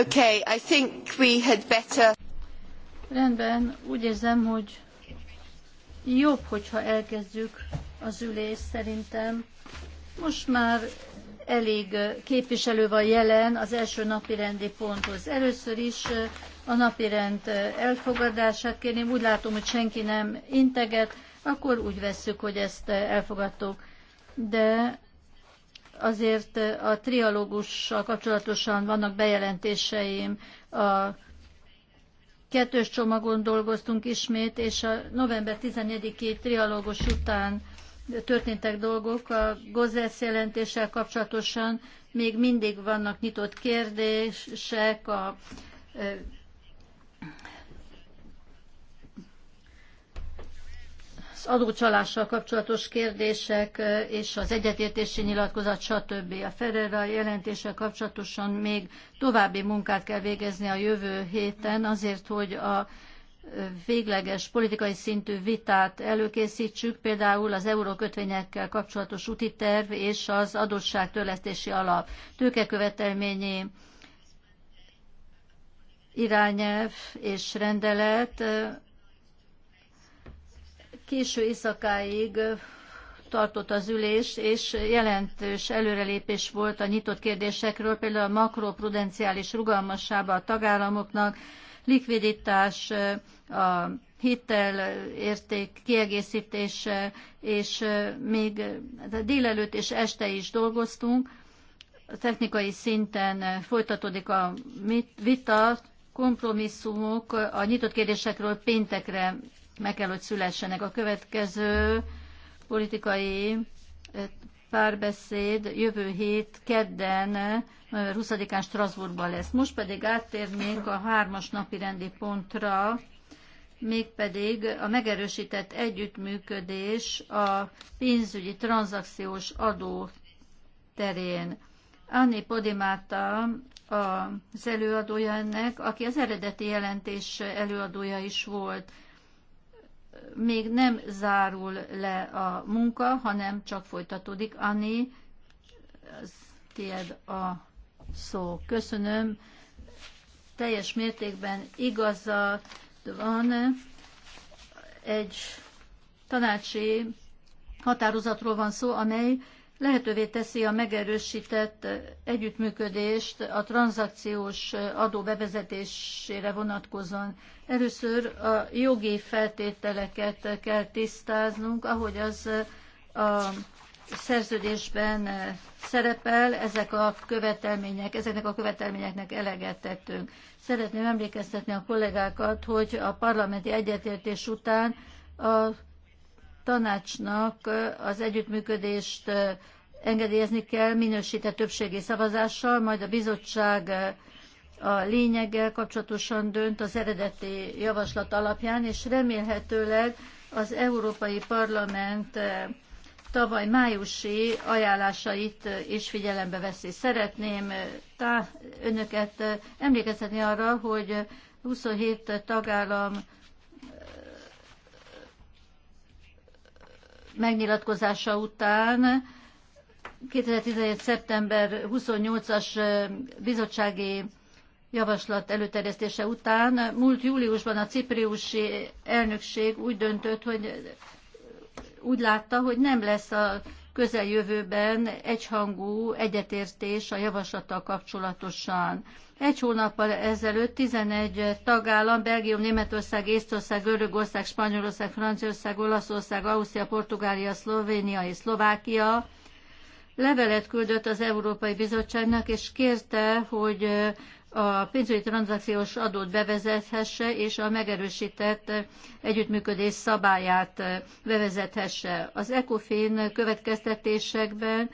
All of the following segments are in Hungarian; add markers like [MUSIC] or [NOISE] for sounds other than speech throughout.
Okay, I think we had better... Rendben, úgy érzem, hogy jobb, hogyha elkezdjük az ülést szerintem. Most már elég eh, képviselő van jelen az első napi rendi ponthoz. Először is eh, a napi rend eh, elfogadását kérném. Úgy látom, hogy senki nem integet, akkor úgy vesszük, hogy ezt elfogadtuk. De azért a trialógussal kapcsolatosan vannak bejelentéseim. A kettős csomagon dolgoztunk ismét, és a november 14-i trialógus után történtek dolgok. A Gozes jelentéssel kapcsolatosan még mindig vannak nyitott kérdések, a az adócsalással kapcsolatos kérdések és az egyetértési nyilatkozat, stb. A Ferreira jelentéssel kapcsolatosan még további munkát kell végezni a jövő héten azért, hogy a végleges politikai szintű vitát előkészítsük, például az eurókötvényekkel kapcsolatos úti terv és az adósságtörlesztési alap tőkekövetelményi irányelv és rendelet késő éjszakáig tartott az ülés, és jelentős előrelépés volt a nyitott kérdésekről, például a makroprudenciális rugalmassába a tagállamoknak, likviditás, a hitel érték kiegészítése, és még hát délelőtt és este is dolgoztunk. A technikai szinten folytatódik a vita, kompromisszumok a nyitott kérdésekről péntekre meg kell, hogy szülessenek. A következő politikai eh, párbeszéd jövő hét kedden, 20-án eh, Strasbourgban lesz. Most pedig áttérnénk a hármas napi rendi pontra, mégpedig a megerősített együttműködés a pénzügyi tranzakciós adó terén. Anni Podimáta az előadója ennek, aki az eredeti jelentés előadója is volt még nem zárul le a munka, hanem csak folytatódik. Ani, az tiéd a szó. Köszönöm. Teljes mértékben igaza van. Egy tanácsi határozatról van szó, amely lehetővé teszi a megerősített együttműködést a tranzakciós adó bevezetésére vonatkozóan. Először a jogi feltételeket kell tisztáznunk, ahogy az a szerződésben szerepel, ezek a követelmények, ezeknek a követelményeknek eleget tettünk. Szeretném emlékeztetni a kollégákat, hogy a parlamenti egyetértés után a tanácsnak az együttműködést engedélyezni kell minősített többségi szavazással, majd a bizottság a lényeggel kapcsolatosan dönt az eredeti javaslat alapján, és remélhetőleg az Európai Parlament tavaly májusi ajánlásait is figyelembe veszi. Szeretném tá- önöket emlékezni arra, hogy 27 tagállam megnyilatkozása után 2017. szeptember 28-as bizottsági javaslat előterjesztése után múlt júliusban a cipriusi elnökség úgy döntött, hogy úgy látta, hogy nem lesz a közeljövőben egyhangú egyetértés a javaslattal kapcsolatosan. Egy hónappal ezelőtt 11 tagállam, Belgium, Németország, Észtország, Görögország, Spanyolország, Franciaország, Olaszország, Ausztria, Portugália, Szlovénia és Szlovákia levelet küldött az Európai Bizottságnak, és kérte, hogy a pénzügyi tranzakciós adót bevezethesse, és a megerősített együttműködés szabályát bevezethesse. Az ECOFIN következtetésekben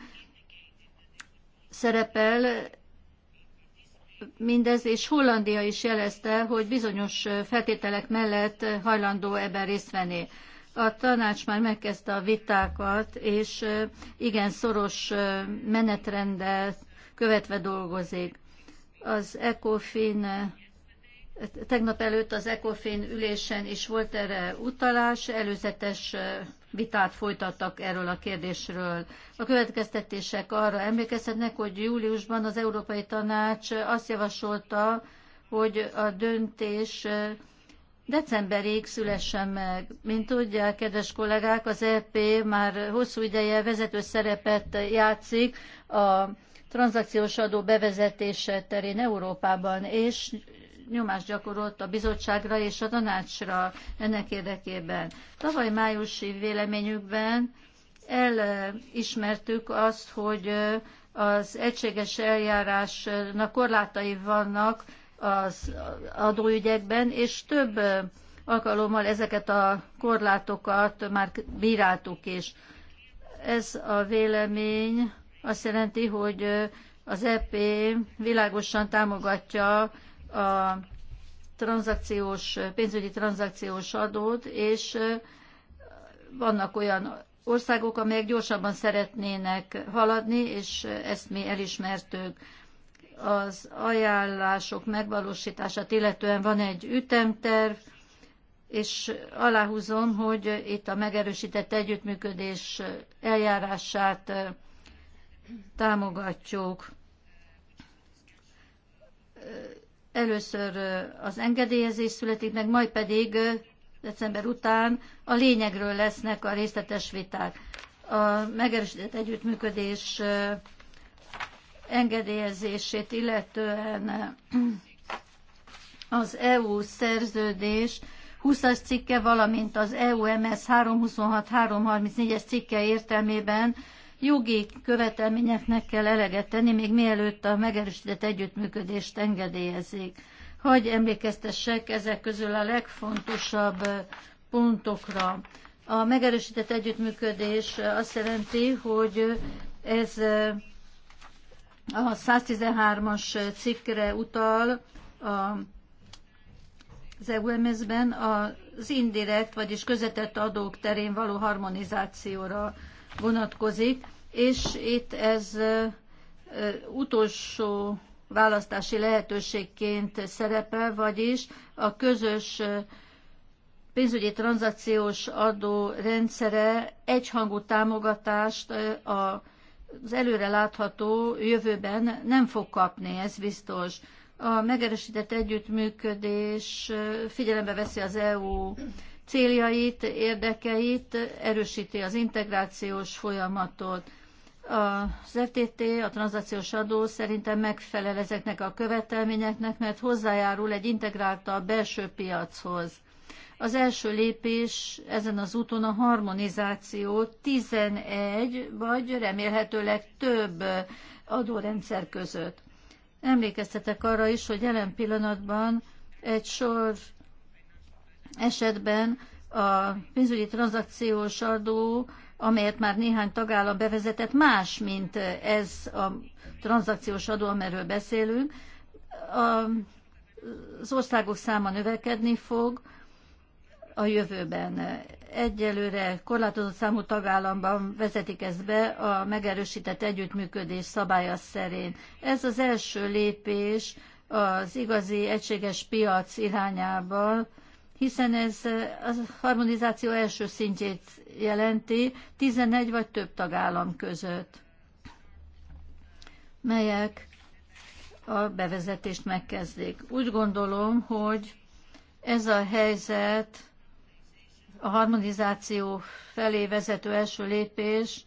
szerepel mindez, és Hollandia is jelezte, hogy bizonyos feltételek mellett hajlandó ebben részt venni. A tanács már megkezdte a vitákat, és igen szoros menetrendet követve dolgozik. Az ECOFIN Tegnap előtt az ECOFIN ülésen is volt erre utalás, előzetes vitát folytattak erről a kérdésről. A következtetések arra emlékezhetnek, hogy júliusban az Európai Tanács azt javasolta, hogy a döntés decemberig szülessen meg. Mint tudják, kedves kollégák, az EP már hosszú ideje vezető szerepet játszik a tranzakciós adó bevezetése terén Európában, és nyomást gyakorolt a bizottságra és a tanácsra ennek érdekében. Tavaly májusi véleményükben elismertük azt, hogy az egységes eljárásnak korlátai vannak az adóügyekben, és több alkalommal ezeket a korlátokat már bíráltuk is. Ez a vélemény azt jelenti, hogy az EP világosan támogatja a tranzakciós, pénzügyi tranzakciós adót, és vannak olyan országok, amelyek gyorsabban szeretnének haladni, és ezt mi elismertük. Az ajánlások megvalósítását illetően van egy ütemterv, és aláhúzom, hogy itt a megerősített együttműködés eljárását támogatjuk. Először az engedélyezés születik meg, majd pedig december után a lényegről lesznek a részletes viták. A megerősített együttműködés engedélyezését illetően az EU szerződés 20-as cikke, valamint az EUMS 326-334-es cikke értelmében jogi követelményeknek kell eleget tenni, még mielőtt a megerősített együttműködést engedélyezik. Hagy emlékeztessek ezek közül a legfontosabb pontokra. A megerősített együttműködés azt jelenti, hogy ez a 113-as cikkre utal a, az EUMS-ben az indirekt, vagyis közvetett adók terén való harmonizációra vonatkozik, és itt ez utolsó választási lehetőségként szerepel, vagyis a közös pénzügyi tranzakciós adó rendszere egyhangú támogatást az előre látható jövőben nem fog kapni, ez biztos. A megerősített együttműködés figyelembe veszi az EU céljait, érdekeit, erősíti az integrációs folyamatot. Az FTT, a tranzakciós adó szerintem megfelel ezeknek a követelményeknek, mert hozzájárul egy integráltabb belső piachoz. Az első lépés ezen az úton a harmonizáció 11 vagy remélhetőleg több adórendszer között. Emlékeztetek arra is, hogy jelen pillanatban egy sor esetben a pénzügyi tranzakciós adó, amelyet már néhány tagállam bevezetett, más, mint ez a tranzakciós adó, amiről beszélünk. A, az országok száma növekedni fog a jövőben. Egyelőre korlátozott számú tagállamban vezetik ezt be a megerősített együttműködés szabálya szerint. Ez az első lépés az igazi egységes piac irányában, hiszen ez a harmonizáció első szintjét jelenti 11 vagy több tagállam között, melyek a bevezetést megkezdik. Úgy gondolom, hogy ez a helyzet, a harmonizáció felé vezető első lépés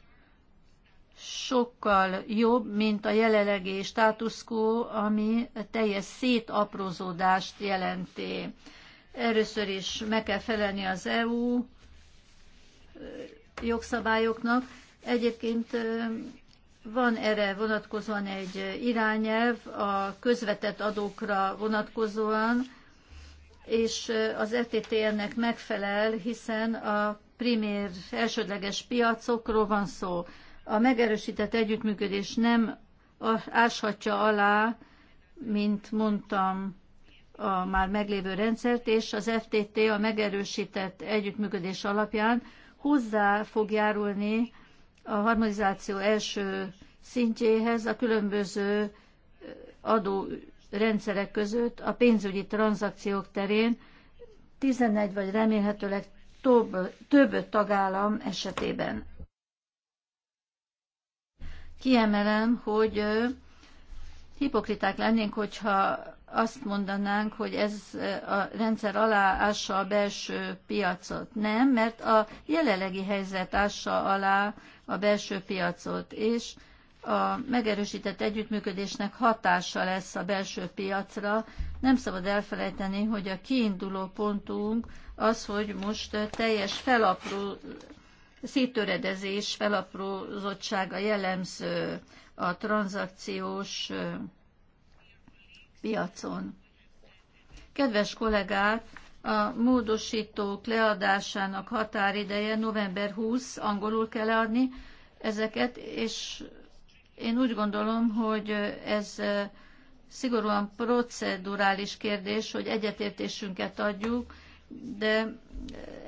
sokkal jobb, mint a jelenlegi státuszkó, ami teljes szétaprózódást jelenti. Először is meg kell felelni az EU jogszabályoknak. Egyébként van erre vonatkozóan egy irányelv a közvetett adókra vonatkozóan, és az FTTN-nek megfelel, hiszen a primér elsődleges piacokról van szó. A megerősített együttműködés nem áshatja alá, mint mondtam, a már meglévő rendszert, és az FTT a megerősített együttműködés alapján hozzá fog járulni a harmonizáció első szintjéhez a különböző adó rendszerek között a pénzügyi tranzakciók terén 11 vagy remélhetőleg több, több tagállam esetében. Kiemelem, hogy hipokriták lennénk, hogyha azt mondanánk, hogy ez eh, a rendszer aláássa a belső piacot. Nem, mert a jelenlegi helyzet ássa alá a belső piacot, és a megerősített együttműködésnek hatása lesz a belső piacra. Nem szabad elfelejteni, hogy a kiinduló pontunk az, hogy most eh, teljes felapró, szétöredezés, felaprózottsága jellemző a tranzakciós eh, piacon. Kedves kollégák, a módosítók leadásának határideje november 20, angolul kell leadni ezeket, és én úgy gondolom, hogy ez szigorúan procedurális kérdés, hogy egyetértésünket adjuk, de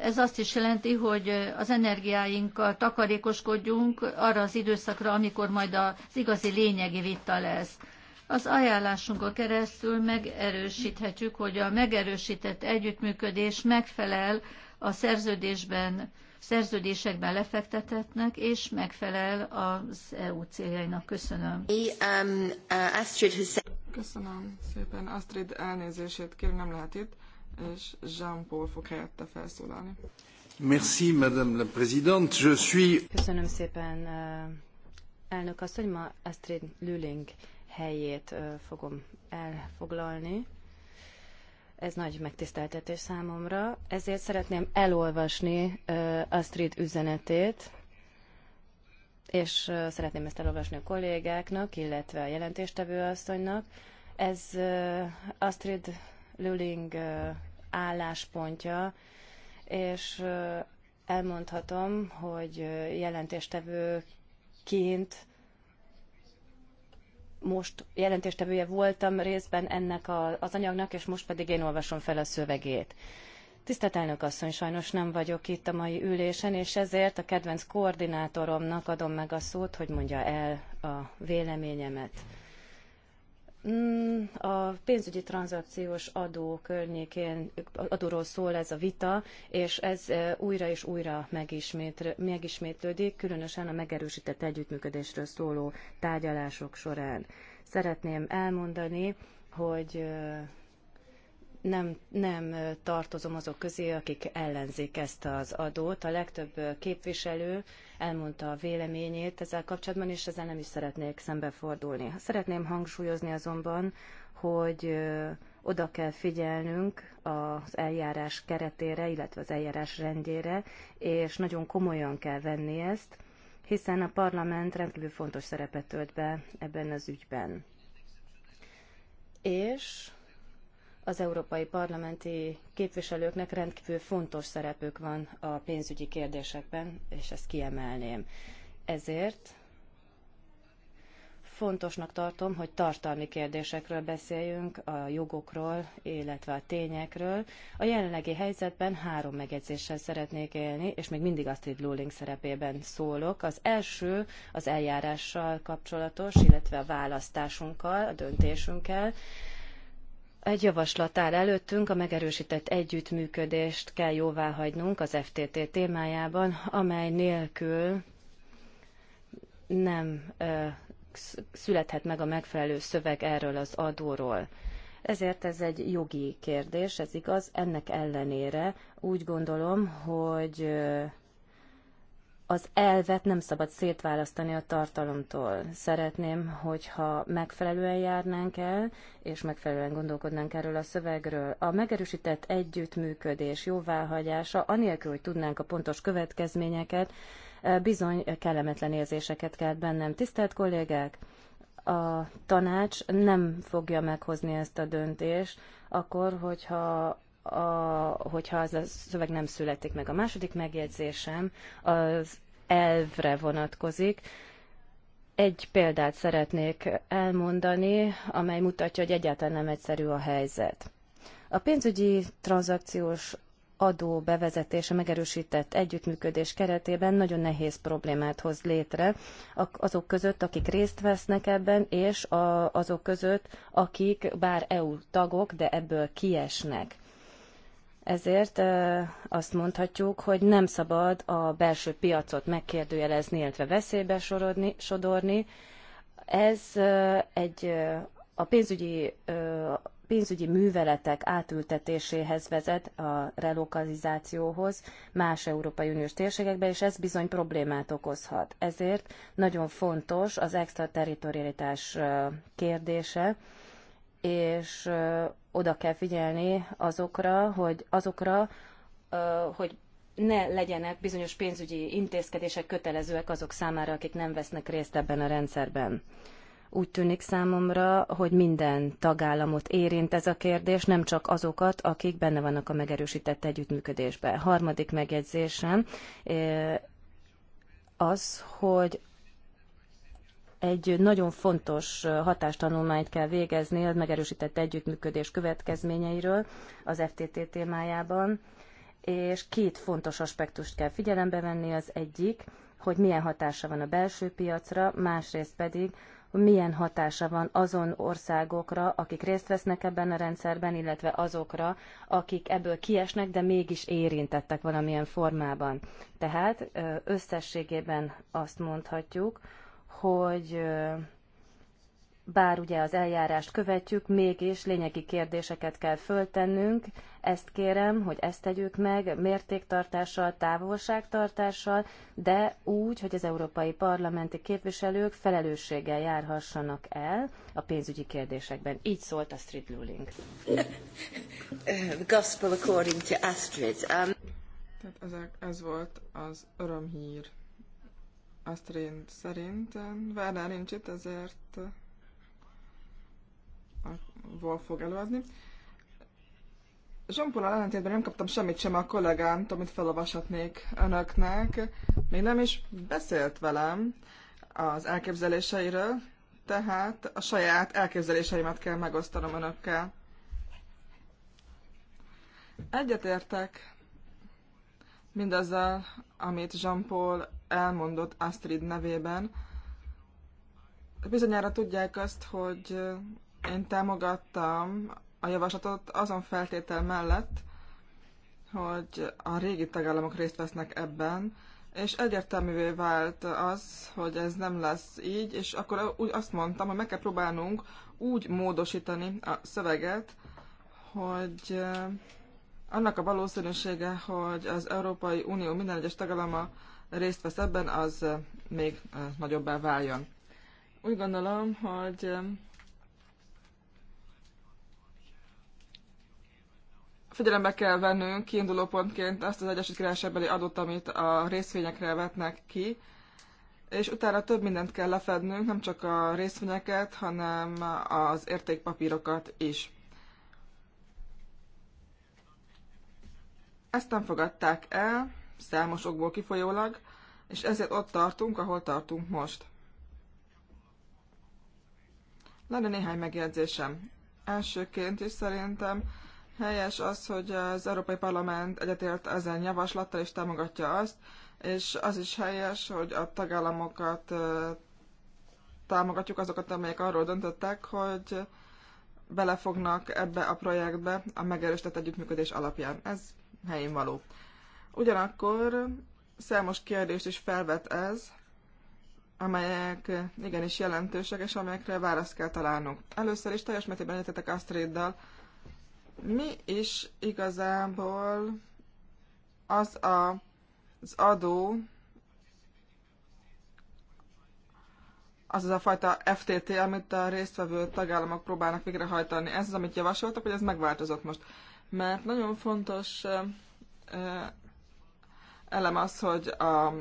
ez azt is jelenti, hogy az energiáinkkal takarékoskodjunk arra az időszakra, amikor majd az igazi lényegi vita lesz. Az ajánlásunkon keresztül megerősíthetjük, hogy a megerősített együttműködés megfelel a szerződésben, szerződésekben lefektetetnek, és megfelel az EU céljainak. Köszönöm. Um, uh, Köszönöm szépen. Astrid elnézését kérem, nem lehet itt, és Jean-Paul fog helyette felszólalni. Merci, Madame la Présidente. Je suis... Köszönöm szépen, uh, elnök asszony, ma Astrid Lüling helyét fogom elfoglalni. Ez nagy megtiszteltetés számomra, ezért szeretném elolvasni Astrid üzenetét, és szeretném ezt elolvasni a kollégáknak, illetve a jelentéstevő asszonynak. Ez Astrid Lüling álláspontja, és elmondhatom, hogy jelentéstevőként most jelentéstevője voltam részben ennek a, az anyagnak, és most pedig én olvasom fel a szövegét. Tisztelt elnök asszony, sajnos nem vagyok itt a mai ülésen, és ezért a kedvenc koordinátoromnak adom meg a szót, hogy mondja el a véleményemet. Mm, a pénzügyi tranzakciós adó környékén adóról szól ez a vita, és ez e, újra és újra megismétlődik, különösen a megerősített együttműködésről szóló tárgyalások során. Szeretném elmondani, hogy e, nem, nem tartozom azok közé, akik ellenzik ezt az adót. A legtöbb képviselő elmondta a véleményét ezzel kapcsolatban, és ezzel nem is szeretnék szembefordulni. Szeretném hangsúlyozni azonban, hogy oda kell figyelnünk az eljárás keretére, illetve az eljárás rendjére, és nagyon komolyan kell venni ezt, hiszen a parlament rendkívül fontos szerepet tölt be ebben az ügyben. És az európai parlamenti képviselőknek rendkívül fontos szerepük van a pénzügyi kérdésekben, és ezt kiemelném. Ezért fontosnak tartom, hogy tartalmi kérdésekről beszéljünk, a jogokról, illetve a tényekről. A jelenlegi helyzetben három megjegyzéssel szeretnék élni, és még mindig Astrid Luling szerepében szólok. Az első az eljárással kapcsolatos, illetve a választásunkkal, a döntésünkkel egy javaslat áll előttünk, a megerősített együttműködést kell jóváhagynunk az FTT témájában, amely nélkül nem születhet meg a megfelelő szöveg erről az adóról. Ezért ez egy jogi kérdés, ez igaz. Ennek ellenére úgy gondolom, hogy az elvet nem szabad szétválasztani a tartalomtól. Szeretném, hogyha megfelelően járnánk el, és megfelelően gondolkodnánk erről a szövegről. A megerősített együttműködés jóváhagyása, anélkül, hogy tudnánk a pontos következményeket, eh, bizony kellemetlen érzéseket kelt bennem. Tisztelt kollégák! a tanács nem fogja meghozni ezt a döntést, akkor, hogyha a, hogyha az a szöveg nem születik meg. A második megjegyzésem az elvre vonatkozik. Egy példát szeretnék elmondani, amely mutatja, hogy egyáltalán nem egyszerű a helyzet. A pénzügyi tranzakciós adó bevezetése megerősített együttműködés keretében nagyon nehéz problémát hoz létre azok között, akik részt vesznek ebben, és azok között, akik bár EU tagok, de ebből kiesnek. Ezért azt mondhatjuk, hogy nem szabad a belső piacot megkérdőjelezni, illetve veszélybe sorodni, sodorni. Ez egy a pénzügyi, pénzügyi műveletek átültetéséhez vezet a relokalizációhoz más Európai Uniós térségekbe, és ez bizony problémát okozhat. Ezért nagyon fontos az extraterritorialitás kérdése, és oda kell figyelni azokra, hogy azokra, hogy ne legyenek bizonyos pénzügyi intézkedések kötelezőek azok számára, akik nem vesznek részt ebben a rendszerben. Úgy tűnik számomra, hogy minden tagállamot érint ez a kérdés, nem csak azokat, akik benne vannak a megerősített együttműködésben. Harmadik megjegyzésem az, hogy egy nagyon fontos hatástanulmányt kell végezni a megerősített együttműködés következményeiről az FTT témájában, és két fontos aspektust kell figyelembe venni. Az egyik, hogy milyen hatása van a belső piacra, másrészt pedig, hogy milyen hatása van azon országokra, akik részt vesznek ebben a rendszerben, illetve azokra, akik ebből kiesnek, de mégis érintettek valamilyen formában. Tehát összességében azt mondhatjuk, hogy bár ugye az eljárást követjük, mégis lényegi kérdéseket kell föltennünk. Ezt kérem, hogy ezt tegyük meg mértéktartással, távolságtartással, de úgy, hogy az európai parlamenti képviselők felelősséggel járhassanak el a pénzügyi kérdésekben. Így szólt a Street Luling. [LAUGHS] gospel according to Astrid. Um, Tehát ezek, ez volt az örömhír azt szerint Várnál nincs itt, ezért a Wolf fog előadni. Zsompolal ellentétben nem kaptam semmit sem a kollégámtól, amit felolvashatnék önöknek. Még nem is beszélt velem az elképzeléseiről, tehát a saját elképzeléseimet kell megosztanom önökkel. Egyetértek mindazzal, amit Jean-Paul elmondott Astrid nevében. Bizonyára tudják azt, hogy én támogattam a javaslatot azon feltétel mellett, hogy a régi tagállamok részt vesznek ebben, és egyértelművé vált az, hogy ez nem lesz így, és akkor úgy azt mondtam, hogy meg kell próbálnunk úgy módosítani a szöveget, hogy eh, annak a valószínűsége, hogy az Európai Unió minden egyes tagállama részt vesz ebben, az még nagyobbá váljon. Úgy gondolom, hogy figyelembe kell vennünk kiinduló pontként azt az Egyesült Királyságbeli adót, amit a részvényekre vetnek ki, és utána több mindent kell lefednünk, nem csak a részvényeket, hanem az értékpapírokat is. Ezt nem fogadták el, számos okból kifolyólag, és ezért ott tartunk, ahol tartunk most. Lenne néhány megjegyzésem. Elsőként is szerintem helyes az, hogy az Európai Parlament egyetért ezen javaslattal és támogatja azt, és az is helyes, hogy a tagállamokat támogatjuk azokat, amelyek arról döntöttek, hogy belefognak ebbe a projektbe a megerősített együttműködés alapján. Ez helyén való. Ugyanakkor számos kérdést is felvet ez, amelyek igenis jelentősek, és amelyekre választ kell találnunk. Először is teljes mértékben értetek Astriddal. Mi is igazából az a, az adó, az az a fajta FTT, amit a résztvevő tagállamok próbálnak végrehajtani. Ez az, amit javasoltak, hogy ez megváltozott most. Mert nagyon fontos eh, elem az, hogy a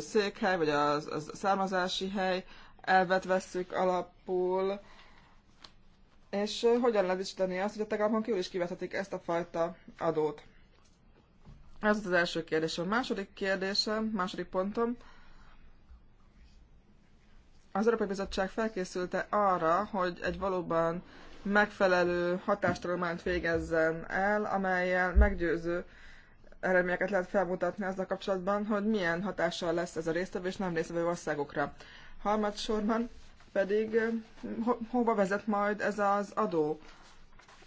székhely vagy a, származási hely elvet vesszük alapul, és hogyan lehet biztosítani azt, hogy a tagállamok jól is kivethetik ezt a fajta adót? Ez az, első kérdésem. A második kérdésem, második pontom. Az Európai Bizottság felkészülte arra, hogy egy valóban megfelelő hatástalományt végezzen el, amelyel meggyőző eredményeket lehet felmutatni ezzel kapcsolatban, hogy milyen hatással lesz ez a résztvevő és nem résztvevő országokra. Harmadsorban pedig eh, ho hova vezet majd ez az adó?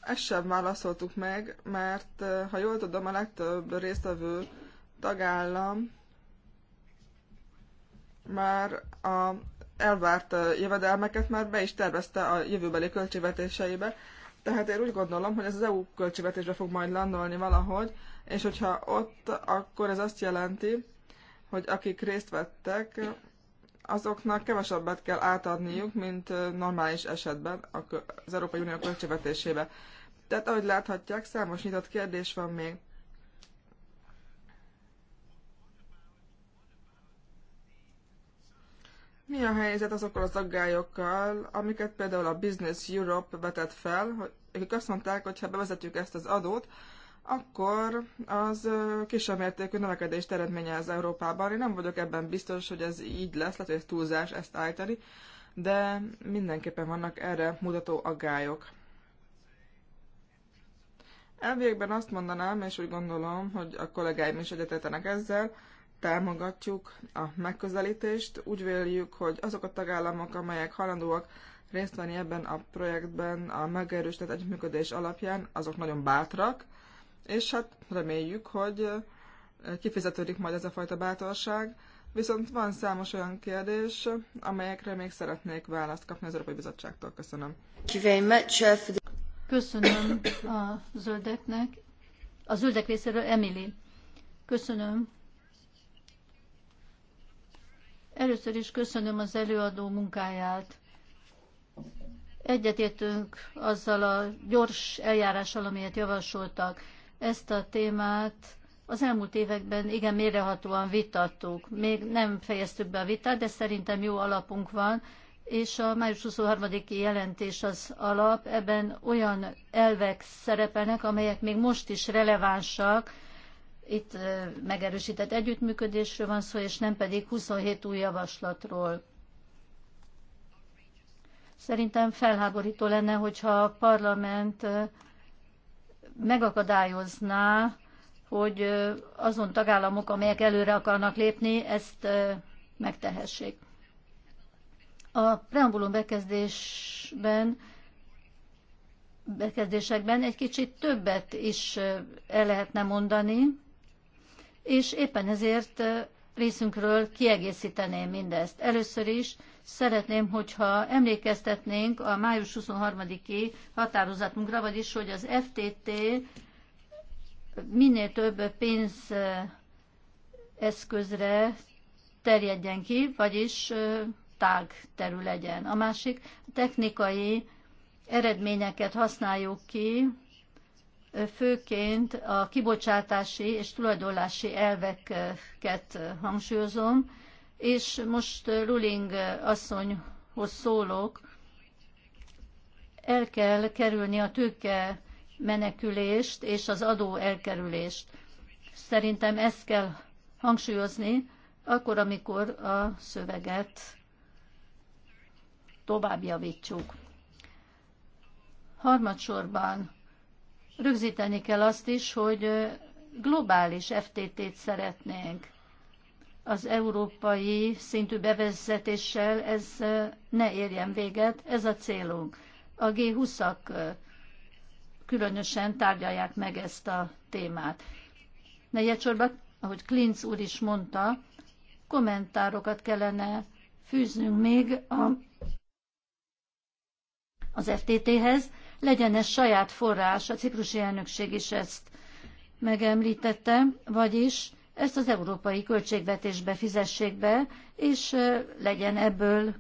Ezt sem válaszoltuk meg, mert eh, ha jól tudom, a legtöbb résztvevő tagállam már a elvárt eh, jövedelmeket már be is tervezte a jövőbeli költségvetéseibe, tehát én úgy gondolom, hogy ez az EU költségvetésbe fog majd landolni valahogy, és hogyha ott, akkor ez azt jelenti, hogy akik részt vettek, azoknak kevesebbet kell átadniuk, mint normális esetben az Európai Unió költségvetésébe. Tehát ahogy láthatják, számos nyitott kérdés van még. Mi a helyzet azokkal az aggályokkal, amiket például a Business Europe vetett fel, hogy akik azt mondták, hogy ha bevezetjük ezt az adót, akkor az kisebb mértékű növekedést az Európában. Én nem vagyok ebben biztos, hogy ez így lesz, lehet, hogy ez túlzás ezt állítani, de mindenképpen vannak erre mutató aggályok. Elvégben azt mondanám, és úgy gondolom, hogy a kollégáim is egyetetenek ezzel, támogatjuk a megközelítést. Úgy véljük, hogy azok a tagállamok, amelyek halandóak részt venni ebben a projektben a megerősített együttműködés alapján, azok nagyon bátrak, és hát reméljük, hogy eh, kifizetődik majd ez a fajta bátorság. Viszont van számos olyan kérdés, amelyekre még szeretnék választ kapni az Európai Bizottságtól. Köszönöm. Uh, Köszönöm a zöldeknek. A zöldek részéről Emily. Köszönöm Először is köszönöm az előadó munkáját. Egyetértünk azzal a gyors eljárással, amelyet javasoltak. Ezt a témát az elmúlt években igen mérehatóan vitattuk. Még nem fejeztük be a vitát, de szerintem jó alapunk van, és a május 23-i jelentés az alap. Ebben olyan elvek szerepelnek, amelyek még most is relevánsak, itt megerősített együttműködésről van szó, és nem pedig 27 új javaslatról. Szerintem felháborító lenne, hogyha a parlament megakadályozná, hogy azon tagállamok, amelyek előre akarnak lépni, ezt megtehessék. A preambulum bekezdésben bekezdésekben egy kicsit többet is el lehetne mondani, és éppen ezért részünkről kiegészíteném mindezt. Először is szeretném, hogyha emlékeztetnénk a május 23-i határozatunkra, vagyis, hogy az FTT minél több eszközre terjedjen ki, vagyis tág terül legyen. A másik technikai eredményeket használjuk ki főként a kibocsátási és tulajdonlási elveket hangsúlyozom, és most Ruling asszonyhoz szólok, el kell kerülni a tőke menekülést és az adó elkerülést. Szerintem ezt kell hangsúlyozni, akkor, amikor a szöveget tovább javítsuk. Harmadsorban Rögzíteni kell azt is, hogy globális FTT-t szeretnénk. Az európai szintű bevezetéssel ez ne érjen véget, ez a célunk. A G20-ak különösen tárgyalják meg ezt a témát. Negyedsorban, ahogy Klinz úr is mondta, kommentárokat kellene fűznünk még a, az FTT-hez, legyen ez saját forrás, a ciprusi elnökség is ezt megemlítette, vagyis ezt az európai költségvetésbe fizessék be, és legyen ebből,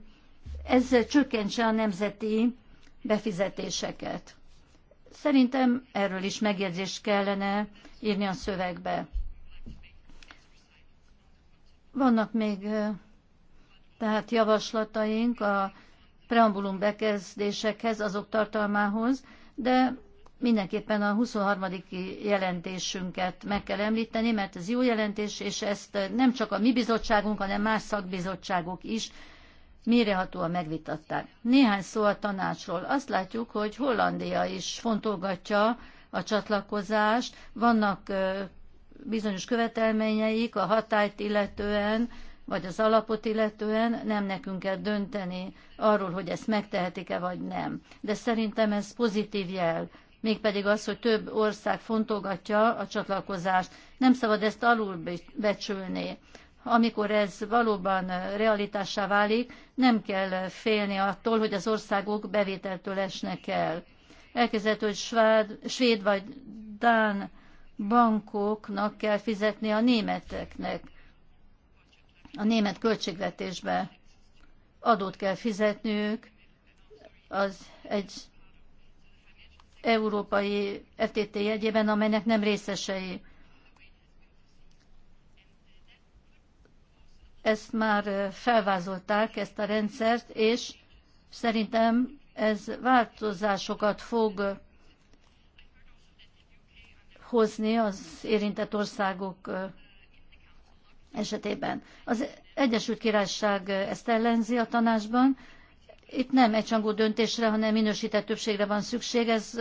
ez csökkentse a nemzeti befizetéseket. Szerintem erről is megjegyzést kellene írni a szövegbe. Vannak még tehát javaslataink a preambulum bekezdésekhez, azok tartalmához, de mindenképpen a 23. jelentésünket meg kell említeni, mert ez jó jelentés, és ezt nem csak a mi bizottságunk, hanem más szakbizottságok is mérehatóan megvitatták. Néhány szó a tanácsról. Azt látjuk, hogy Hollandia is fontolgatja a csatlakozást, vannak bizonyos követelményeik a hatályt illetően, vagy az alapot illetően nem nekünk kell dönteni arról, hogy ezt megtehetik-e vagy nem. De szerintem ez pozitív jel, mégpedig az, hogy több ország fontolgatja a csatlakozást. Nem szabad ezt alulbecsülni. Amikor ez valóban realitássá válik, nem kell félni attól, hogy az országok bevételtől esnek el. Elkezdett, hogy svád, svéd vagy dán bankoknak kell fizetni a németeknek a német költségvetésbe adót kell fizetniük, az egy európai FTT jegyében, amelynek nem részesei. Ezt már felvázolták, ezt a rendszert, és szerintem ez változásokat fog hozni az érintett országok esetében. Az Egyesült Királyság ezt ellenzi a tanácsban. Itt nem csangó döntésre, hanem minősített többségre van szükség. Ez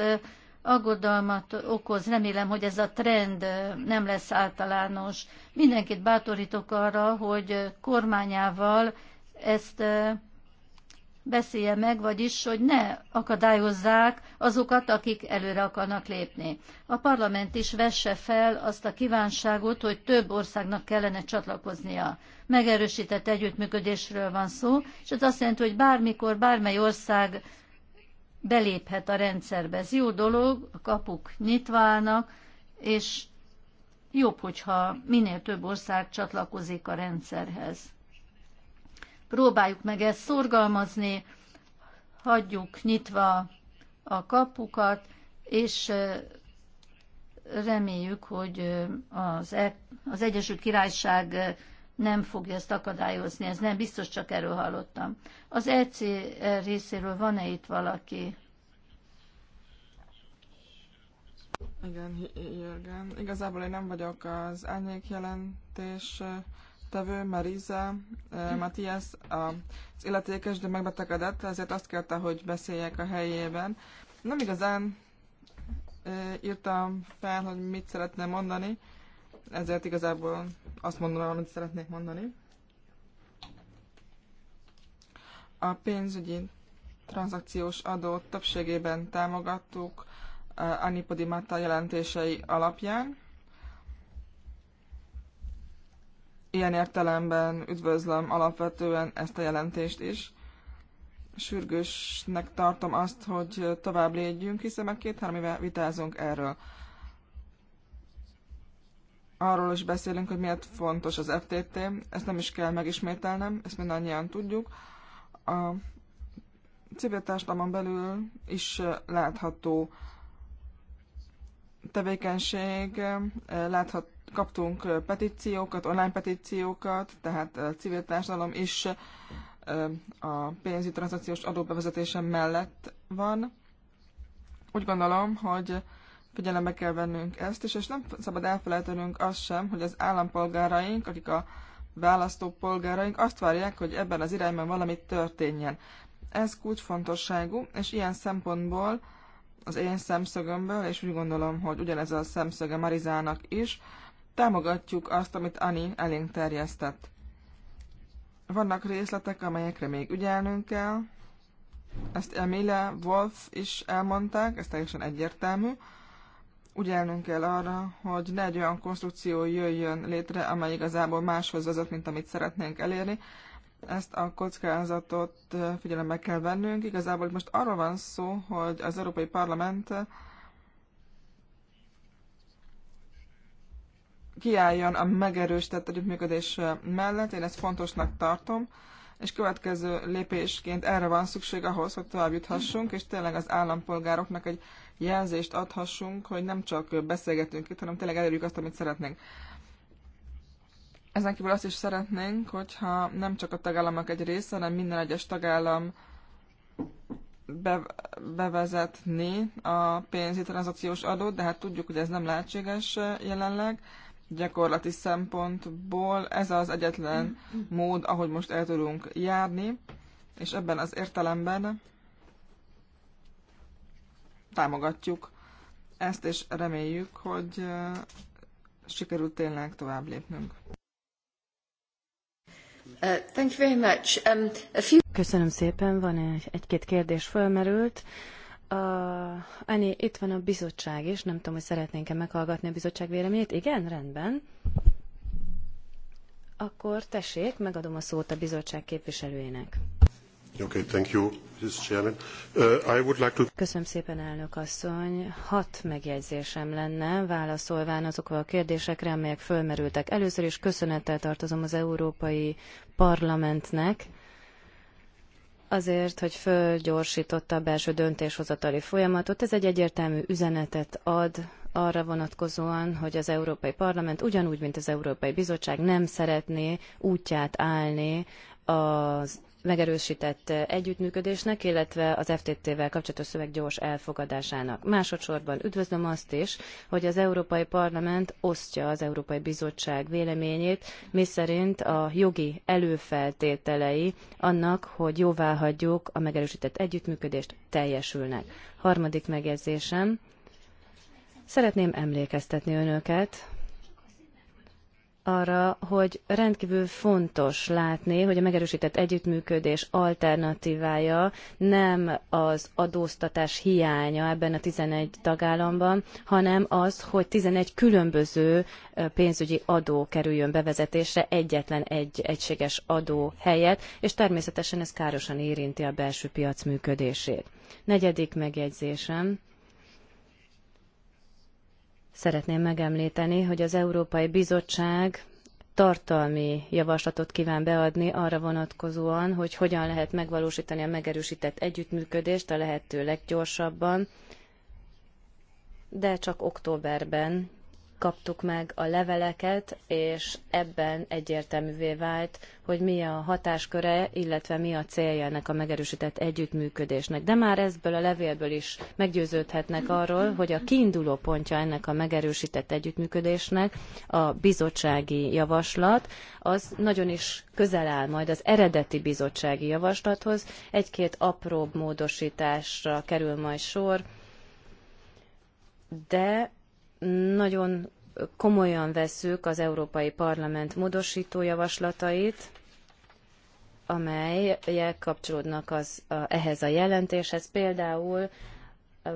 aggodalmat okoz. Remélem, hogy ez a trend nem lesz általános. Mindenkit bátorítok arra, hogy kormányával ezt beszélje meg, vagyis, hogy ne akadályozzák azokat, akik előre akarnak lépni. A parlament is vesse fel azt a kívánságot, hogy több országnak kellene csatlakoznia. Megerősített együttműködésről van szó, és ez azt jelenti, hogy bármikor, bármely ország beléphet a rendszerbe. Ez jó dolog, a kapuk nyitválnak, és jobb, hogyha minél több ország csatlakozik a rendszerhez próbáljuk meg ezt szorgalmazni, hagyjuk nyitva a kapukat, és reméljük, hogy az, e, az Egyesült Királyság nem fogja ezt akadályozni, ez nem biztos, csak erről hallottam. Az EC e részéről van-e itt valaki? Igen, Jörgen. Igazából én nem vagyok az árnyék jelentés tevő, Marisa eh, Matias az illetékes, de megbetegedett, ezért azt kérte, hogy beszéljek a helyében. Nem igazán eh, írtam fel, hogy mit szeretne mondani, ezért igazából azt mondom, amit szeretnék mondani. A pénzügyi tranzakciós adót többségében támogattuk eh, Anipodimata jelentései alapján. ilyen értelemben üdvözlöm alapvetően ezt a jelentést is. Sürgősnek tartom azt, hogy tovább légyünk, hiszen már két-három éve vitázunk erről. Arról is beszélünk, hogy miért fontos az FTT, ezt nem is kell megismételnem, ezt mindannyian tudjuk. A civil társadalmon belül is látható tevékenység, láthat, kaptunk petíciókat, online petíciókat, tehát a civil társadalom is a pénzügyi tranzakciós adó bevezetése mellett van. Úgy gondolom, hogy figyelembe kell vennünk ezt is, és nem szabad elfelejtenünk azt sem, hogy az állampolgáraink, akik a választópolgáraink azt várják, hogy ebben az irányban valami történjen. Ez kulcsfontosságú, és ilyen szempontból az én szemszögömből, és úgy gondolom, hogy ugyanez a szemszöge Marizának is, támogatjuk azt, amit Ani elénk terjesztett. Vannak részletek, amelyekre még ügyelnünk kell. Ezt Emile Wolf is elmondták, ez teljesen egyértelmű. Ügyelnünk kell arra, hogy ne egy olyan konstrukció jöjjön létre, amely igazából máshoz vezet, mint amit szeretnénk elérni, ezt a kockázatot figyelembe kell vennünk. Igazából most arról van szó, hogy az Európai Parlament kiálljon a megerősített együttműködés mellett, én ezt fontosnak tartom, és következő lépésként erre van szükség ahhoz, hogy tovább juthassunk, és tényleg az állampolgároknak egy jelzést adhassunk, hogy nem csak beszélgetünk itt, hanem tényleg elérjük azt, amit szeretnénk. Ezen kívül azt is szeretnénk, hogyha nem csak a tagállamok egy része, hanem minden egyes tagállam be, bevezetni a pénzi tranzakciós adót, de hát tudjuk, hogy ez nem lehetséges jelenleg. Gyakorlati szempontból ez az egyetlen mód, ahogy most el tudunk járni, és ebben az értelemben támogatjuk ezt, és reméljük, hogy eh, sikerült tényleg tovább lépnünk. Uh, um, Köszönöm szépen, van egy-két kérdés fölmerült. Uh, Ani, itt van a bizottság is, nem tudom, hogy szeretnénk-e meghallgatni a bizottság véleményét. Igen, rendben. Akkor tessék, megadom a szót a bizottság képviselőjének. Uh, Köszönöm szépen, elnök asszony. Hat megjegyzésem lenne, válaszolván azokra a kérdésekre, amelyek fölmerültek. Először is köszönettel tartozom az Európai Parlamentnek, azért, hogy fölgyorsította a belső döntéshozatali folyamatot. Ez egy egyértelmű üzenetet ad arra vonatkozóan, hogy az Európai Parlament ugyanúgy, mint az Európai Bizottság nem szeretné útját állni az megerősített együttműködésnek, illetve az FTT-vel kapcsolatos szöveg gyors elfogadásának. Másodszorban üdvözlöm azt is, hogy az Európai Parlament osztja az Európai Bizottság véleményét, miszerint a jogi előfeltételei annak, hogy jóvá hagyjuk a megerősített együttműködést, teljesülnek. Harmadik megjegyzésem, szeretném emlékeztetni önöket, arra, hogy rendkívül fontos látni, hogy a megerősített együttműködés alternatívája nem az adóztatás hiánya ebben a 11 tagállamban, hanem az, hogy 11 különböző pénzügyi adó kerüljön bevezetésre egyetlen egy egységes adó helyett, és természetesen ez károsan érinti a belső piac működését. Negyedik megjegyzésem Szeretném megemlíteni, hogy az Európai Bizottság tartalmi javaslatot kíván beadni arra vonatkozóan, hogy hogyan lehet megvalósítani a megerősített együttműködést a lehető leggyorsabban, de csak októberben kaptuk meg a leveleket, és ebben egyértelművé vált, hogy mi a hatásköre, illetve mi a célja ennek a megerősített együttműködésnek. De már ezből a levélből is meggyőződhetnek arról, hogy a kiinduló pontja ennek a megerősített együttműködésnek a bizottsági javaslat, az nagyon is közel áll majd az eredeti bizottsági javaslathoz. Egy-két apróbb módosításra kerül majd sor, de nagyon komolyan vesszük az Európai Parlament módosító javaslatait, amelyek kapcsolódnak az, a, ehhez a jelentéshez. Például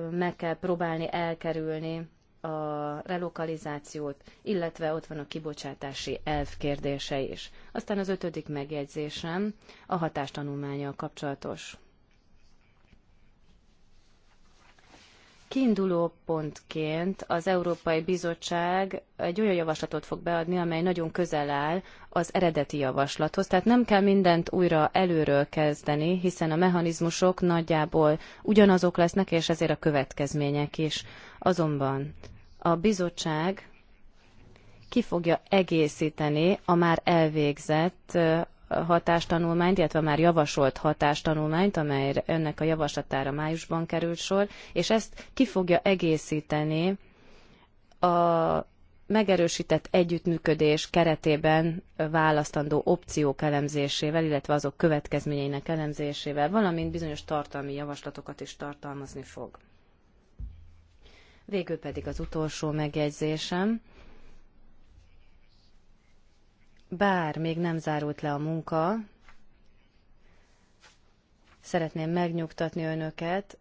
meg kell próbálni elkerülni a relokalizációt, illetve ott van a kibocsátási elv kérdése is. Aztán az ötödik megjegyzésem a hatástanulmányjal kapcsolatos. kiinduló pontként az Európai Bizottság egy olyan javaslatot fog beadni, amely nagyon közel áll az eredeti javaslathoz. Tehát nem kell mindent újra előről kezdeni, hiszen a mechanizmusok nagyjából ugyanazok lesznek, és ezért a következmények is. Azonban a bizottság ki fogja egészíteni a már elvégzett hatástanulmányt, illetve már javasolt hatástanulmányt, amely ennek a javaslatára májusban került sor, és ezt ki fogja egészíteni a megerősített együttműködés keretében választandó opciók elemzésével, illetve azok következményeinek elemzésével, valamint bizonyos tartalmi javaslatokat is tartalmazni fog. Végül pedig az utolsó megjegyzésem. Bár még nem zárult le a munka, szeretném megnyugtatni önöket,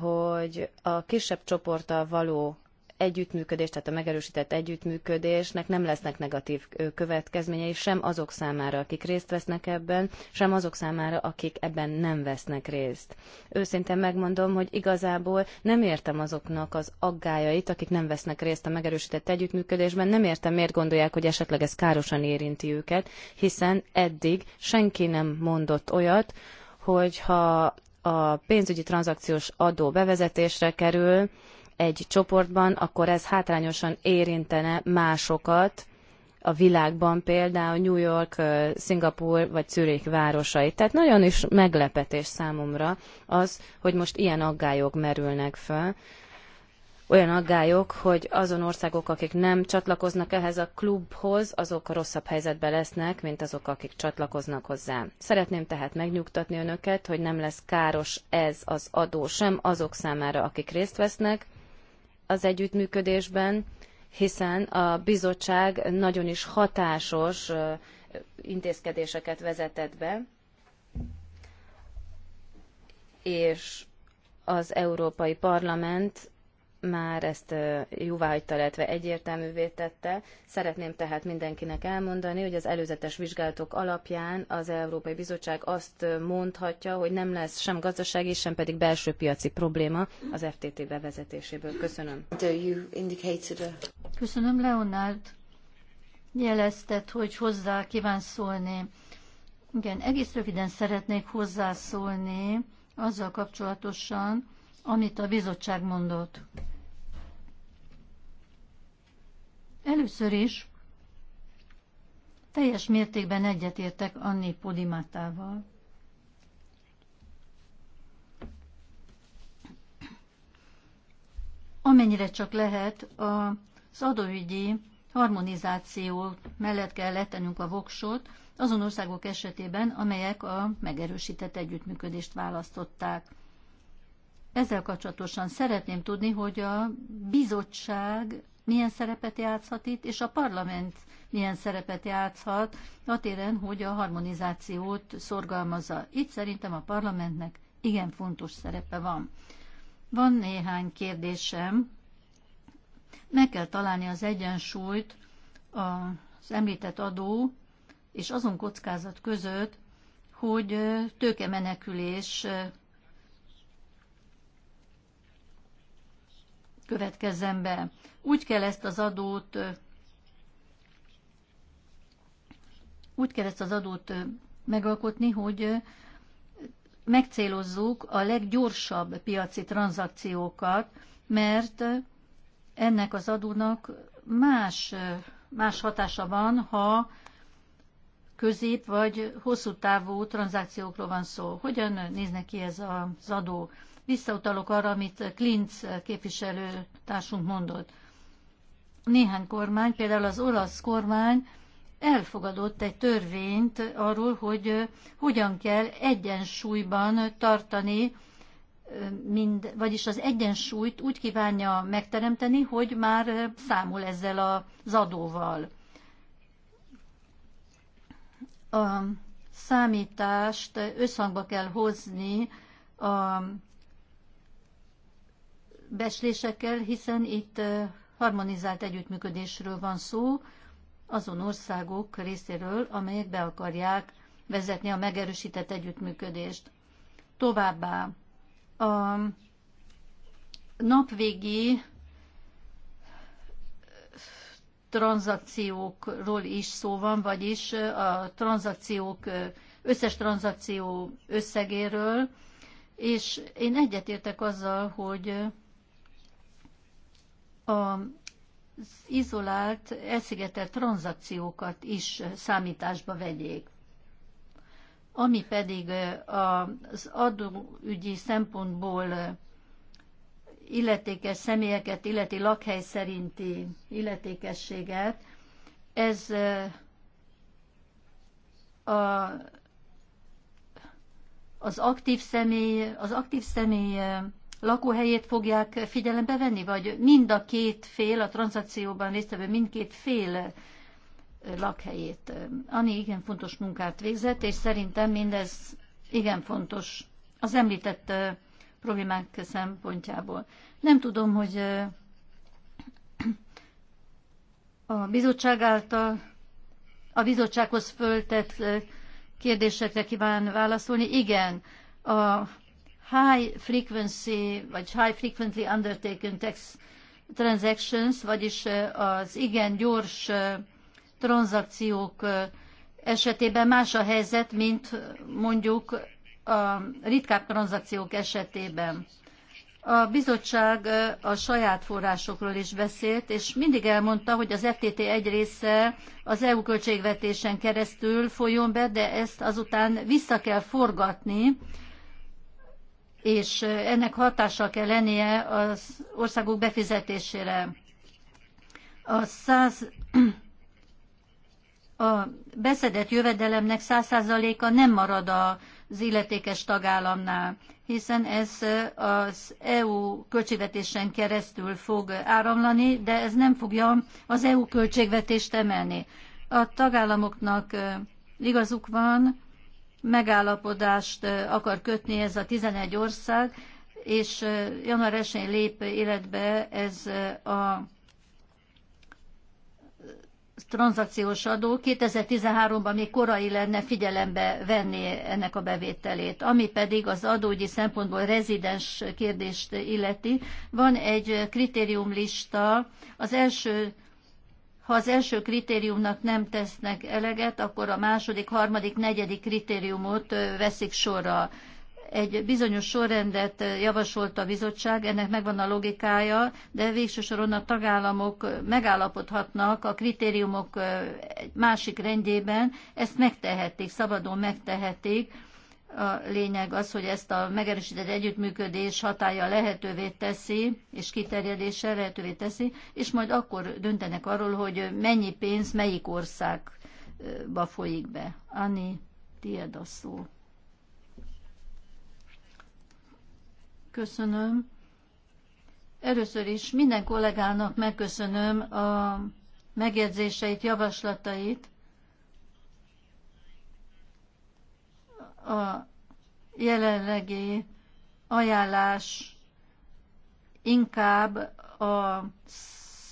hogy a kisebb csoporttal való együttműködés, tehát a megerősített együttműködésnek nem lesznek negatív következményei sem azok számára, akik részt vesznek ebben, sem azok számára, akik ebben nem vesznek részt. Őszintén megmondom, hogy igazából nem értem azoknak az aggájait, akik nem vesznek részt a megerősített együttműködésben, nem értem, miért gondolják, hogy esetleg ez károsan érinti őket, hiszen eddig senki nem mondott olyat, hogyha a pénzügyi tranzakciós adó bevezetésre kerül, egy csoportban, akkor ez hátrányosan érintene másokat, a világban, például New York, Szingapur vagy Zürich városai. Tehát nagyon is meglepetés számomra az, hogy most ilyen aggályok merülnek fel. Olyan aggályok, hogy azon országok, akik nem csatlakoznak ehhez a klubhoz, azok rosszabb helyzetben lesznek, mint azok, akik csatlakoznak hozzá. Szeretném tehát megnyugtatni önöket, hogy nem lesz káros ez az adó sem azok számára, akik részt vesznek, az együttműködésben, hiszen a bizottság nagyon is hatásos intézkedéseket vezetett be, és az Európai Parlament már ezt hagyta, illetve egyértelművé tette. Szeretném tehát mindenkinek elmondani, hogy az előzetes vizsgálatok alapján az Európai Bizottság azt mondhatja, hogy nem lesz sem gazdasági, sem pedig belső piaci probléma az FTT bevezetéséből. Köszönöm. Köszönöm, Leonard. Jelezted, hogy hozzá kíván szólni. Igen, egész röviden szeretnék hozzászólni azzal kapcsolatosan, amit a bizottság mondott. Először is teljes mértékben egyetértek Anni Podimátával. Amennyire csak lehet, az adóügyi harmonizáció mellett kell letennünk a voksot azon országok esetében, amelyek a megerősített együttműködést választották. Ezzel kapcsolatosan szeretném tudni, hogy a bizottság milyen szerepet játszhat itt, és a parlament milyen szerepet játszhat, a téren, hogy a harmonizációt szorgalmazza. Itt szerintem a parlamentnek igen fontos szerepe van. Van néhány kérdésem. Meg kell találni az egyensúlyt az említett adó és azon kockázat között, hogy tőkemenekülés következzen be. Úgy kell ezt az adót úgy kell ezt az adót megalkotni, hogy megcélozzuk a leggyorsabb piaci tranzakciókat, mert ennek az adónak más, más hatása van, ha közép vagy hosszú távú tranzakciókról van szó. Hogyan néznek ki ez az adó? Visszautalok arra, amit Klinc képviselőtársunk mondott. Néhány kormány, például az olasz kormány elfogadott egy törvényt arról, hogy hogyan kell egyensúlyban tartani mind, vagyis az egyensúlyt úgy kívánja megteremteni, hogy már számol ezzel az adóval a számítást összhangba kell hozni a beslésekkel, hiszen itt harmonizált együttműködésről van szó azon országok részéről, amelyek be akarják vezetni a megerősített együttműködést. Továbbá a napvégi tranzakciókról is szó van, vagyis a tranzakciók, összes tranzakció összegéről, és én egyetértek azzal, hogy a az izolált, elszigetelt tranzakciókat is számításba vegyék. Ami pedig az adóügyi szempontból illetékes személyeket illeti lakhely szerinti illetékességet, ez a, az aktív személy, az aktív személy lakóhelyét fogják figyelembe venni, vagy mind a két fél, a tranzakcióban résztvevő mindkét fél lakhelyét. Ani igen fontos munkát végzett, és szerintem mindez igen fontos. Az említett problémák szempontjából. Nem tudom, hogy a bizottság által a bizottsághoz föltett kérdésekre kíván válaszolni. Igen, a high frequency, vagy high frequently undertaken tax transactions, vagyis az igen gyors tranzakciók esetében más a helyzet, mint mondjuk a ritkább tranzakciók esetében. A bizottság a saját forrásokról is beszélt, és mindig elmondta, hogy az FTT egy része az EU költségvetésen keresztül folyjon be, de ezt azután vissza kell forgatni, és ennek hatással kell lennie az országok befizetésére. A, száz, [CLEARS THROAT] a beszedett jövedelemnek 100%-a nem marad a az illetékes tagállamnál, hiszen ez az EU költségvetésen keresztül fog áramlani, de ez nem fogja az EU költségvetést emelni. A tagállamoknak igazuk van, megállapodást akar kötni ez a 11 ország, és január 1 lép életbe ez a tranzakciós adó 2013-ban még korai lenne figyelembe venni ennek a bevételét. Ami pedig az adógyi szempontból rezidens kérdést illeti, van egy kritériumlista, az első ha az első kritériumnak nem tesznek eleget, akkor a második, harmadik, negyedik kritériumot veszik sorra egy bizonyos sorrendet javasolt a bizottság, ennek megvan a logikája, de végső soron a tagállamok megállapodhatnak a kritériumok másik rendjében, ezt megtehetik, szabadon megtehetik. A lényeg az, hogy ezt a megerősített együttműködés hatája lehetővé teszi, és kiterjedése lehetővé teszi, és majd akkor döntenek arról, hogy mennyi pénz melyik országba folyik be. Ani, tiéd a szó. Köszönöm. Először is minden kollégának megköszönöm a megjegyzéseit, javaslatait. A jelenlegi ajánlás inkább a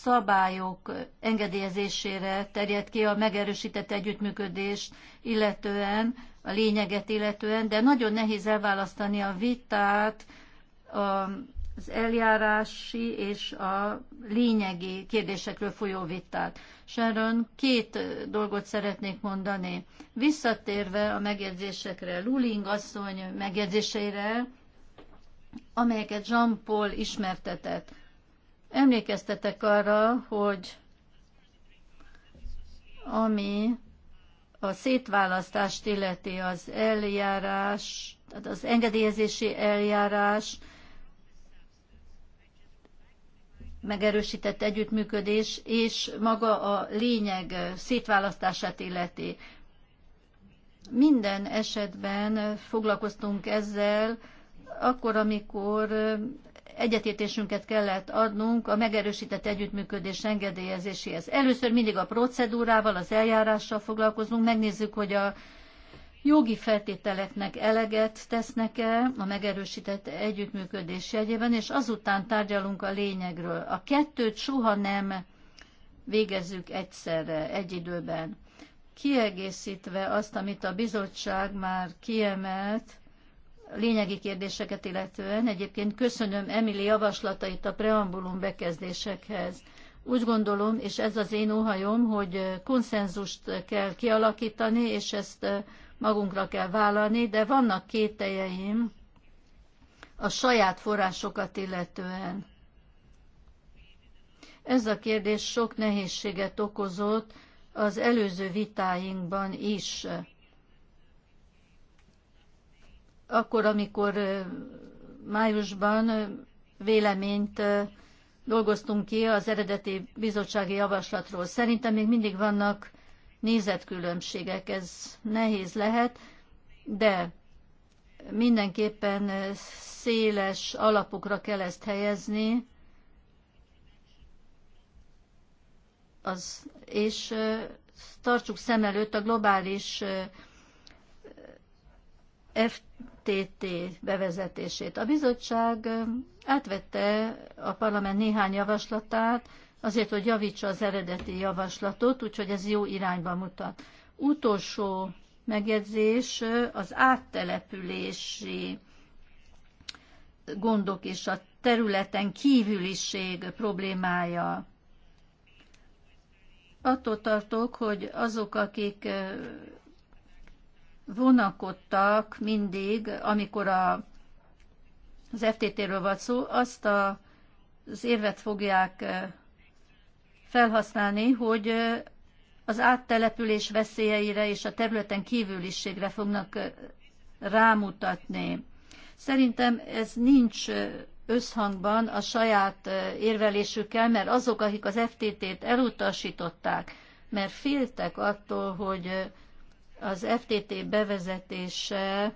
szabályok engedélyezésére terjed ki a megerősített együttműködést illetően, a lényeget illetően, de nagyon nehéz elválasztani a vitát, az eljárási és a lényegi kérdésekről folyó vitát. Sharon, két dolgot szeretnék mondani. Visszatérve a megjegyzésekre, Luling asszony megjegyzéseire, amelyeket Jean-Paul ismertetett. Emlékeztetek arra, hogy ami a szétválasztást illeti az eljárás, tehát az engedélyezési eljárás, megerősített együttműködés és maga a lényeg szétválasztását illeti. Minden esetben foglalkoztunk ezzel, akkor, amikor egyetértésünket kellett adnunk a megerősített együttműködés engedélyezéséhez. Először mindig a procedúrával, az eljárással foglalkozunk, megnézzük, hogy a jogi feltételeknek eleget tesznek-e a megerősített együttműködés jegyében, és azután tárgyalunk a lényegről. A kettőt soha nem végezzük egyszerre, egy időben. Kiegészítve azt, amit a bizottság már kiemelt, lényegi kérdéseket illetően, egyébként köszönöm Emili javaslatait a preambulum bekezdésekhez. Úgy gondolom, és ez az én óhajom, hogy konszenzust kell kialakítani, és ezt magunkra kell vállalni, de vannak kételjeim a saját forrásokat illetően. Ez a kérdés sok nehézséget okozott az előző vitáinkban is. Akkor, amikor májusban véleményt dolgoztunk ki az eredeti bizottsági javaslatról. Szerintem még mindig vannak nézetkülönbségek, ez nehéz lehet, de mindenképpen széles alapokra kell ezt helyezni, az, és tartsuk szem előtt a globális FTT bevezetését. A bizottság átvette a parlament néhány javaslatát, azért, hogy javítsa az eredeti javaslatot, úgyhogy ez jó irányba mutat. Utolsó megjegyzés az áttelepülési gondok és a területen kívüliség problémája. Attól tartok, hogy azok, akik vonakodtak mindig, amikor a, az FTT-ről volt szó, azt a, az érvet fogják felhasználni, hogy az áttelepülés veszélyeire és a területen kívüliségre fognak rámutatni. Szerintem ez nincs összhangban a saját érvelésükkel, mert azok, akik az FTT-t elutasították, mert féltek attól, hogy az FTT bevezetése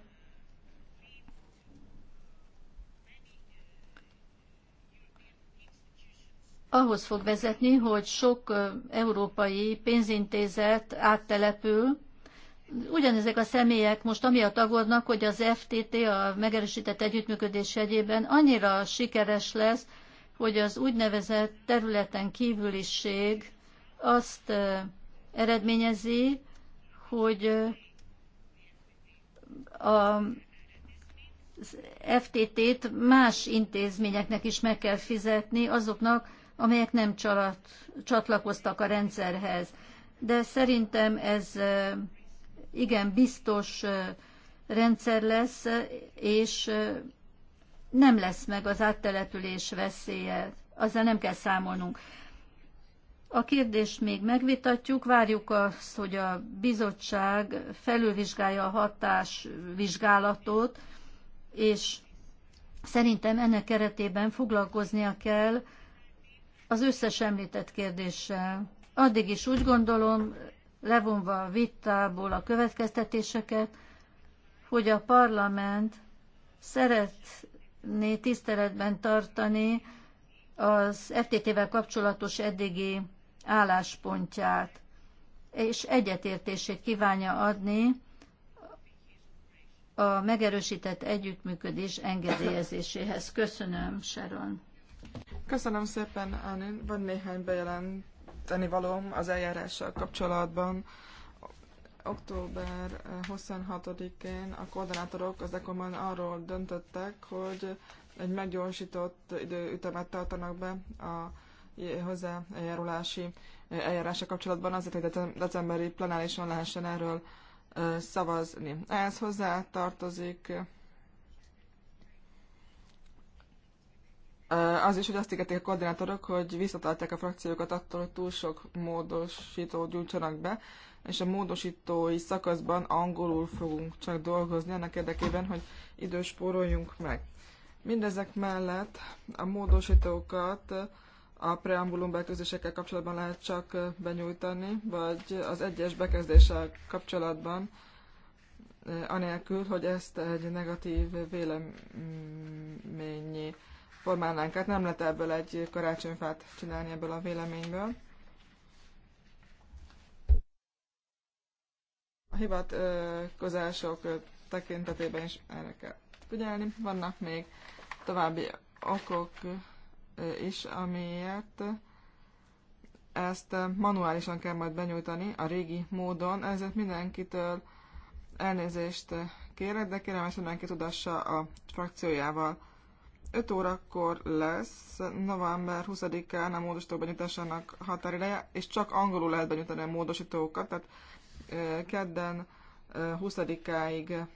ahhoz fog vezetni, hogy sok európai pénzintézet áttelepül. Ugyanezek a személyek most amiatt aggódnak, hogy az FTT, a megerősített együttműködés egyében annyira sikeres lesz, hogy az úgynevezett területen kívüliség azt eredményezi, hogy a az FTT-t más intézményeknek is meg kell fizetni, azoknak, amelyek nem csalat, csatlakoztak a rendszerhez. De szerintem ez igen biztos rendszer lesz, és nem lesz meg az áttelepülés veszélye. Azzal nem kell számolnunk. A kérdést még megvitatjuk, várjuk azt, hogy a bizottság felülvizsgálja a hatás vizsgálatot, és szerintem ennek keretében foglalkoznia kell az összes említett kérdéssel. Addig is úgy gondolom, levonva a vitából a következtetéseket, hogy a parlament szeretné tiszteletben tartani az FTT-vel kapcsolatos eddigi álláspontját és egyetértését kívánja adni a megerősített együttműködés engedélyezéséhez. Köszönöm, Sharon. Köszönöm szépen, Anin. Van néhány bejelenteni valóm az eljárással kapcsolatban. Október 26-én eh, a koordinátorok az ecom arról döntöttek, hogy egy meggyorsított időütemet tartanak be a hozzájárulási eh, eljárása kapcsolatban azért, hogy decemberi plenárison lehessen erről eh, szavazni. Ehhez hozzá tartozik eh, az is, hogy azt ígették a koordinátorok, hogy visszatartják a frakciókat attól, hogy túl sok módosító gyújtsanak be, és a módosítói szakaszban angolul fogunk csak dolgozni, annak érdekében, hogy időspóroljunk meg. Mindezek mellett a módosítókat a preambulum bekezdésekkel kapcsolatban lehet csak benyújtani, vagy az egyes bekezdéssel kapcsolatban, anélkül, hogy ezt egy negatív véleményi formálnánk hát Nem lehet ebből egy karácsonyfát csinálni ebből a véleményből. A közelsők tekintetében is erre kell figyelni. Vannak még további okok is, amiért ezt manuálisan kell majd benyújtani a régi módon, ezért mindenkitől elnézést kérek, de kérem, hogy mindenki tudassa a frakciójával. 5 órakor lesz november 20-án a módosítók benyújtásának határideje, és csak angolul lehet benyújtani a módosítókat, tehát eh, kedden 20-áig eh,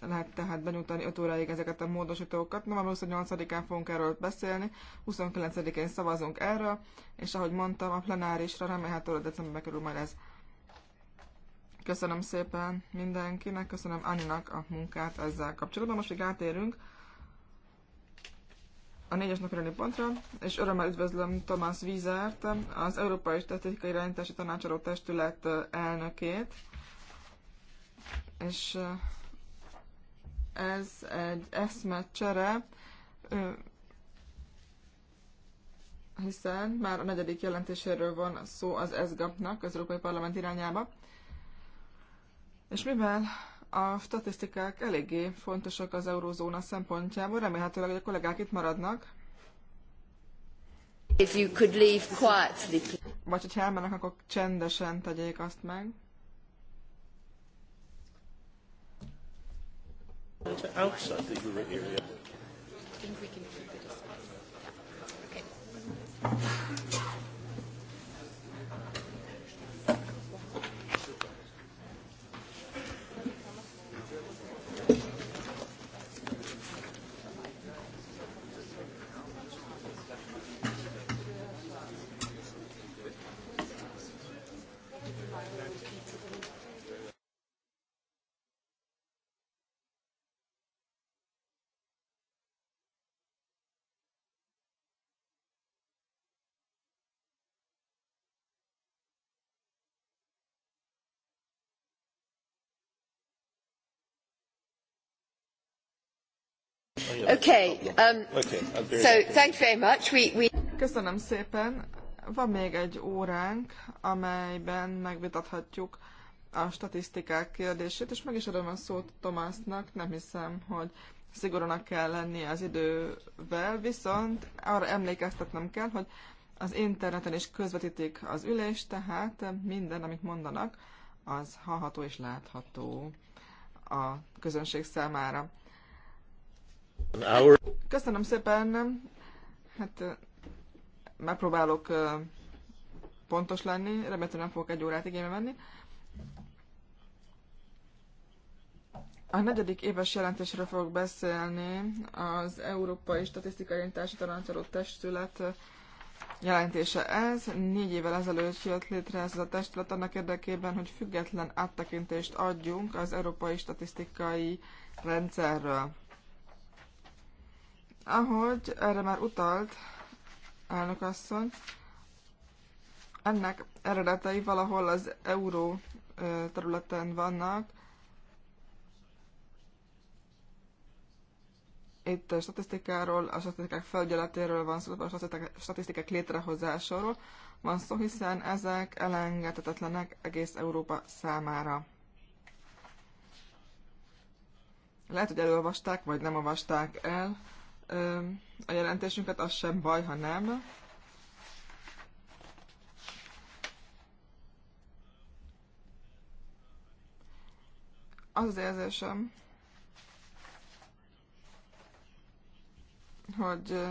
lehet tehát benyújtani 5 óráig ezeket a módosítókat. November 28-án fogunk erről beszélni, 29-én szavazunk erről, és ahogy mondtam, a plenárisra remélhetőleg decemberbe kerül majd ez. Köszönöm szépen mindenkinek, köszönöm Anninak a munkát ezzel kapcsolatban. Most még átérünk a négyes napirányi pontra, és örömmel üdvözlöm Tomás Vízert, az Európai Statisztikai Irányítási Tanácsadó Testület elnökét, és ez egy eszmecsere, hiszen már a negyedik jelentéséről van szó az ESGAP-nak, az Európai Parlament irányába. És mivel a statisztikák eléggé fontosak az eurózóna szempontjából, remélhetőleg, hogy a kollégák itt maradnak. If you could leave quietly. Vagy hogyha elmennek, akkor csendesen tegyék azt meg. Outside the euro area. I think we can keep Okay, um, so thank you very much. We, we... Köszönöm szépen. Van még egy óránk, amelyben megvitathatjuk a statisztikák kérdését, és meg is adom a szót Tomásnak. Nem hiszem, hogy szigorúnak kell lenni az idővel, viszont arra emlékeztetnem kell, hogy az interneten is közvetítik az ülést, tehát minden, amit mondanak, az hallható és látható a közönség számára. Köszönöm szépen. Hát megpróbálok pontos lenni, remélem, nem fogok egy órát igénybe venni. A negyedik éves jelentésről fogok beszélni, az Európai Statisztikai Orientási Testület jelentése ez. Négy évvel ezelőtt jött létre ez a testület annak érdekében, hogy független áttekintést adjunk az európai statisztikai rendszerről. Ahogy erre már utalt elnökasszony, ennek eredetei valahol az euró területen vannak. Itt a statisztikáról, a statisztikák felügyeletéről van szó, a statisztikák létrehozásáról van szó, hiszen ezek elengedhetetlenek egész Európa számára. Lehet, hogy elolvasták, vagy nem olvasták el a jelentésünket, az sem baj, ha nem. Az az érzésem, hogy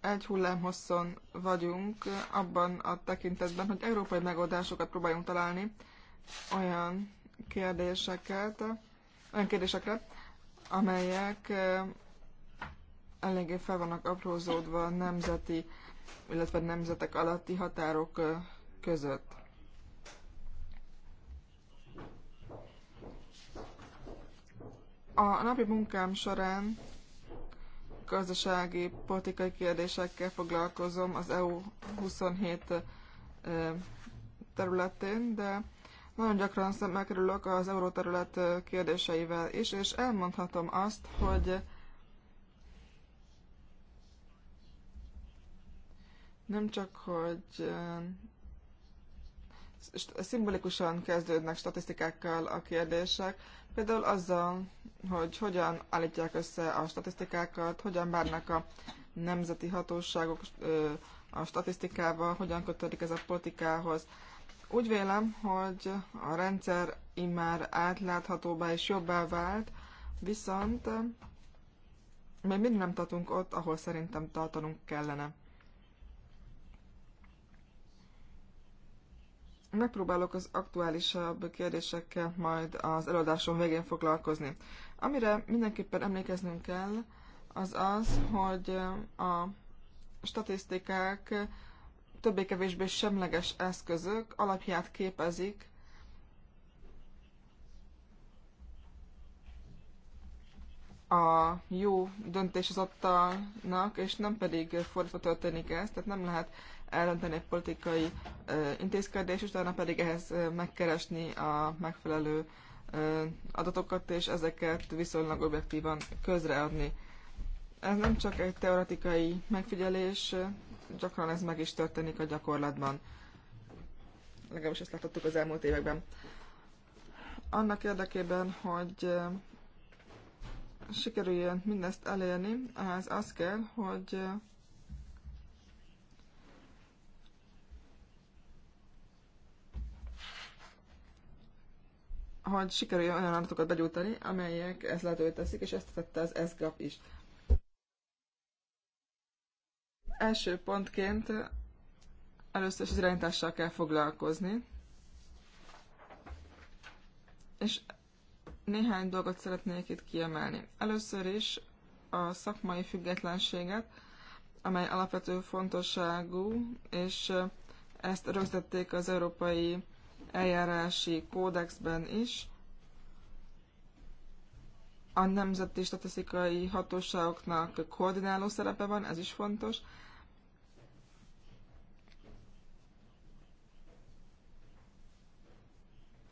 egy hullám hosszon vagyunk abban a tekintetben, hogy európai megoldásokat próbáljunk találni olyan kérdéseket, olyan kérdésekre, amelyek eléggé fel vannak aprózódva nemzeti, illetve nemzetek alatti határok között. A napi munkám során gazdasági, politikai kérdésekkel foglalkozom az EU 27 területén, de nagyon gyakran megkerülök az euróterület kérdéseivel is, és elmondhatom azt, hogy nem csak, hogy szimbolikusan kezdődnek statisztikákkal a kérdések, például azzal, hogy hogyan állítják össze a statisztikákat, hogyan bárnak a nemzeti hatóságok a statisztikával, hogyan kötődik ez a politikához. Úgy vélem, hogy a rendszer immár átláthatóbbá és jobbá vált, viszont még mindig nem tartunk ott, ahol szerintem tartanunk kellene. Megpróbálok az aktuálisabb kérdésekkel majd az előadásom végén foglalkozni. Amire mindenképpen emlékeznünk kell, az az, hogy a statisztikák többé-kevésbé semleges eszközök alapját képezik a jó döntéshozatalnak, és nem pedig fordítva történik ez, tehát nem lehet elönteni egy politikai intézkedés utána pedig ehhez megkeresni a megfelelő adatokat, és ezeket viszonylag objektívan közreadni. Ez nem csak egy teoretikai megfigyelés, gyakran ez meg is történik a gyakorlatban. Legalábbis ezt láthattuk az elmúlt években. Annak érdekében, hogy sikerüljön mindezt elérni, ehhez az kell, hogy hogy sikerüljön olyan adatokat begyújtani, amelyek ezt lehetővé teszik, és ezt tette az SGAP is. Első pontként először is az irányítással kell foglalkozni, és néhány dolgot szeretnék itt kiemelni. Először is a szakmai függetlenséget, amely alapvető fontosságú, és ezt rögzítették az európai eljárási kódexben is a nemzeti statisztikai hatóságoknak koordináló szerepe van, ez is fontos.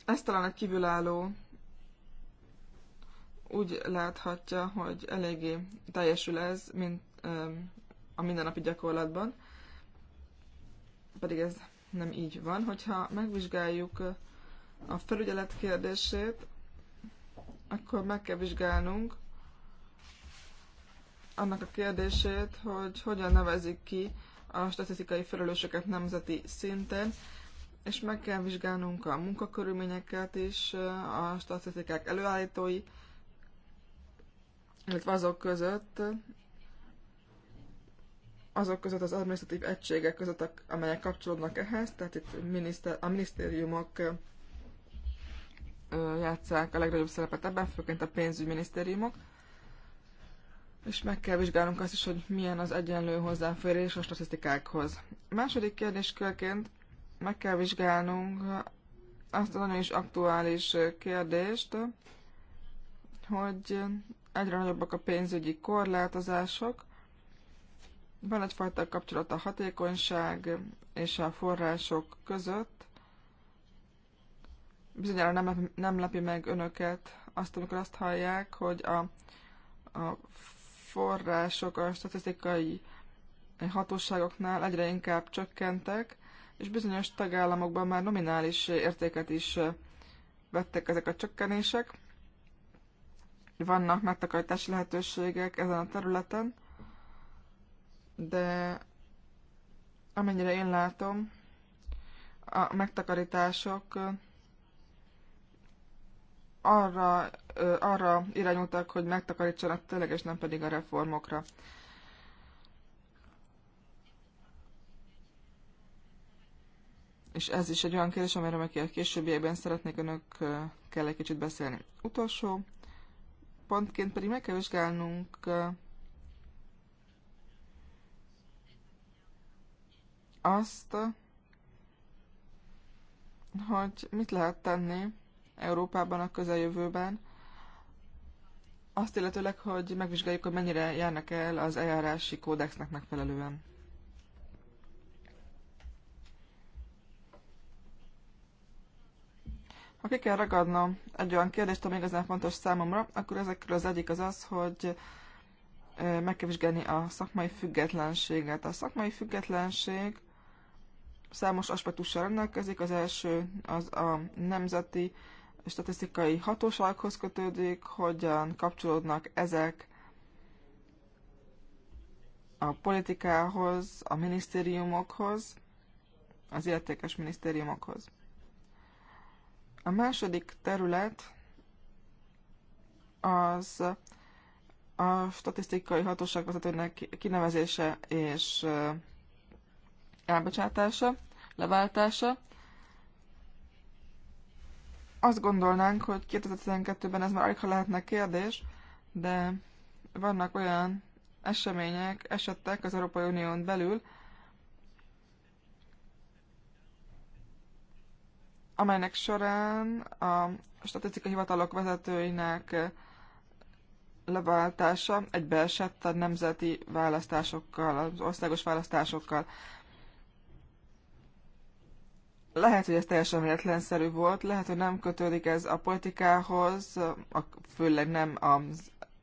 Ez talán egy kívülálló úgy láthatja, hogy eléggé teljesül ez, mint a mindennapi gyakorlatban, pedig ez nem így van. Hogyha megvizsgáljuk a felügyelet kérdését, akkor meg kell vizsgálnunk annak a kérdését, hogy hogyan nevezik ki a statisztikai felelősöket nemzeti szinten, és meg kell vizsgálnunk a munkakörülményeket is, a statisztikák előállítói, illetve azok között, azok között az administratív egységek között, amelyek kapcsolódnak ehhez, tehát itt miniszter, a minisztériumok játszák a legnagyobb szerepet ebben, főként a pénzügyminisztériumok. És meg kell vizsgálnunk azt is, hogy milyen az egyenlő hozzáférés a statisztikákhoz. A második kérdéskörként meg kell vizsgálnunk azt a nagyon is aktuális kérdést, hogy egyre nagyobbak a pénzügyi korlátozások, van egyfajta kapcsolat a hatékonyság és a források között. Bizonyára nem, nem lepi meg önöket azt, amikor azt hallják, hogy a, a források a statisztikai hatóságoknál egyre inkább csökkentek, és bizonyos tagállamokban már nominális értéket is vettek ezek a csökkenések. Vannak megtakarítási lehetőségek ezen a területen, de amennyire én látom, a megtakarítások arra, arra irányultak, hogy megtakarítsanak tényleg, és nem pedig a reformokra. És ez is egy olyan kérdés, amire meg a későbbiekben szeretnék önökkel egy kicsit beszélni. Utolsó pontként pedig meg kell vizsgálnunk azt, hogy mit lehet tenni Európában a közeljövőben, azt illetőleg, hogy megvizsgáljuk, hogy mennyire járnak el az eljárási kódexnek megfelelően. Ha ki kell ragadnom egy olyan kérdést, ami igazán fontos számomra, akkor ezekről az egyik az az, hogy meg kell vizsgálni a szakmai függetlenséget. A szakmai függetlenség számos aspektussal rendelkezik. Az első az a nemzeti statisztikai hatósághoz kötődik, hogyan kapcsolódnak ezek a politikához, a minisztériumokhoz, az illetékes minisztériumokhoz. A második terület az a statisztikai hatóság vezetőnek kinevezése és elbocsátása, leváltása. Azt gondolnánk, hogy 2012-ben ez már alig, ha lehetne kérdés, de vannak olyan események, esettek az Európai Unión belül, amelynek során a statisztikai hivatalok vezetőinek leváltása egybeesett a nemzeti választásokkal, az országos választásokkal. Lehet, hogy ez teljesen véletlenszerű volt, lehet, hogy nem kötődik ez a politikához, a, főleg nem a,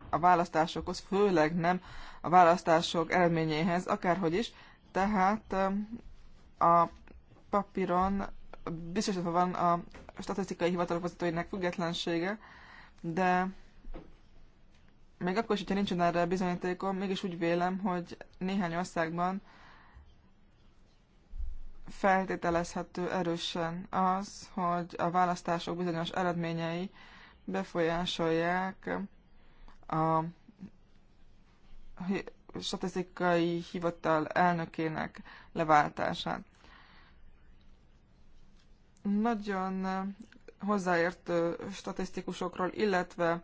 a választásokhoz, főleg nem a választások eredményéhez, akárhogy is. Tehát a papíron biztosítva van a statisztikai hivatalok vezetőinek függetlensége, de még akkor is, hogyha nincsen erre bizonyítékom, mégis úgy vélem, hogy néhány országban feltételezhető erősen az, hogy a választások bizonyos eredményei befolyásolják a statisztikai hivatal elnökének leváltását. Nagyon hozzáértő statisztikusokról, illetve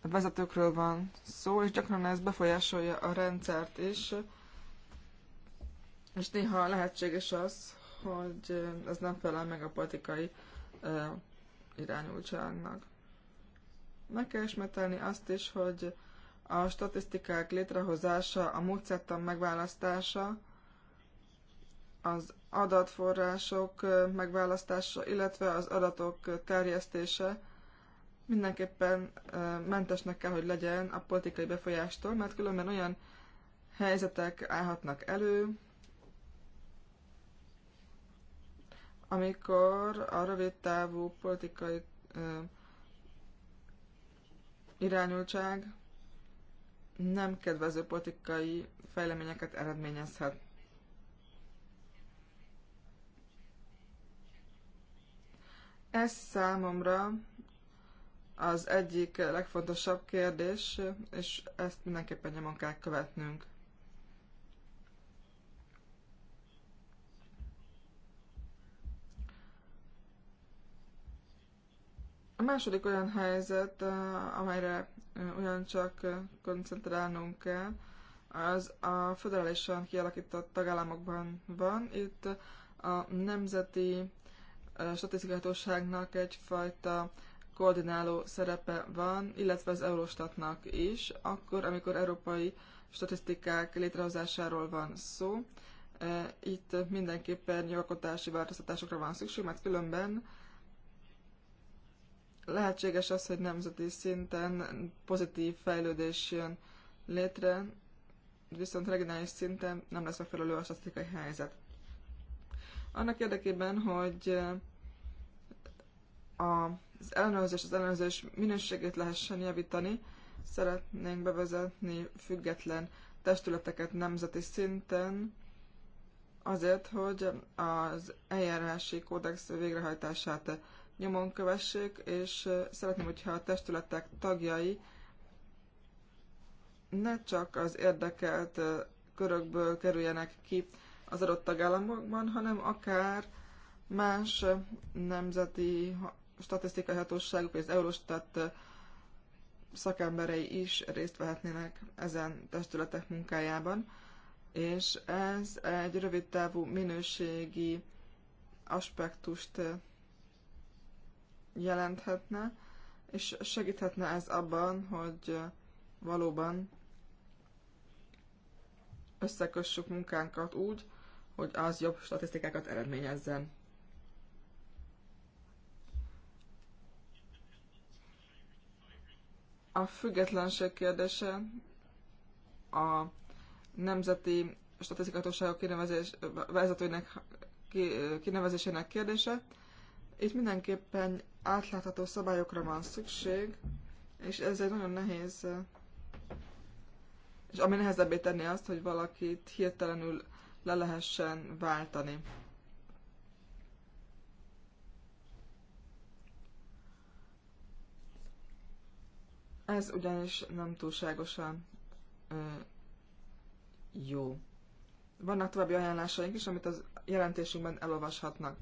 vezetőkről van szó, és gyakran ez befolyásolja a rendszert is és néha lehetséges az, hogy ez nem felel meg a politikai uh, irányultságnak. Meg kell ismételni azt is, hogy a statisztikák létrehozása, a módszertan megválasztása, az adatforrások megválasztása, illetve az adatok terjesztése mindenképpen mentesnek kell, hogy legyen a politikai befolyástól, mert különben olyan helyzetek állhatnak elő, amikor a rövid távú politikai ö, irányultság nem kedvező politikai fejleményeket eredményezhet. Ez számomra az egyik legfontosabb kérdés, és ezt mindenképpen nyomon kell követnünk. A második olyan helyzet, amelyre ugyancsak koncentrálnunk kell, az a föderálisan kialakított tagállamokban van. Itt a Nemzeti Statisztikai Hatóságnak egyfajta koordináló szerepe van, illetve az Eurostatnak is, akkor, amikor európai statisztikák létrehozásáról van szó. Itt mindenképpen jogalkotási változtatásokra van szükség, mert különben lehetséges az, hogy nemzeti szinten pozitív fejlődés jön létre, viszont regionális szinten nem lesz megfelelő a statisztikai helyzet. Annak érdekében, hogy eh, az ellenőrzés, az ellenőrzés minőségét lehessen javítani, szeretnénk bevezetni független testületeket nemzeti szinten, azért, hogy az eljárási kódex végrehajtását nyomon kövessék, és szeretném, hogyha a testületek tagjai ne csak az érdekelt körökből kerüljenek ki az adott tagállamokban, hanem akár más nemzeti statisztikai hatóságok, és az Eurostat szakemberei is részt vehetnének ezen testületek munkájában, és ez egy rövid távú minőségi aspektust jelenthetne, és segíthetne ez abban, hogy valóban összekössük munkánkat úgy, hogy az jobb statisztikákat eredményezzen. A függetlenség kérdése a nemzeti statisztikatóságok kinevezés, vezetőinek kinevezésének kérdése. Itt mindenképpen átlátható szabályokra van szükség, és ez egy nagyon nehéz, és ami nehezebbé tenni azt, hogy valakit hirtelenül le lehessen váltani. Ez ugyanis nem túlságosan ö, jó. Vannak további ajánlásaink is, amit az jelentésünkben elolvashatnak.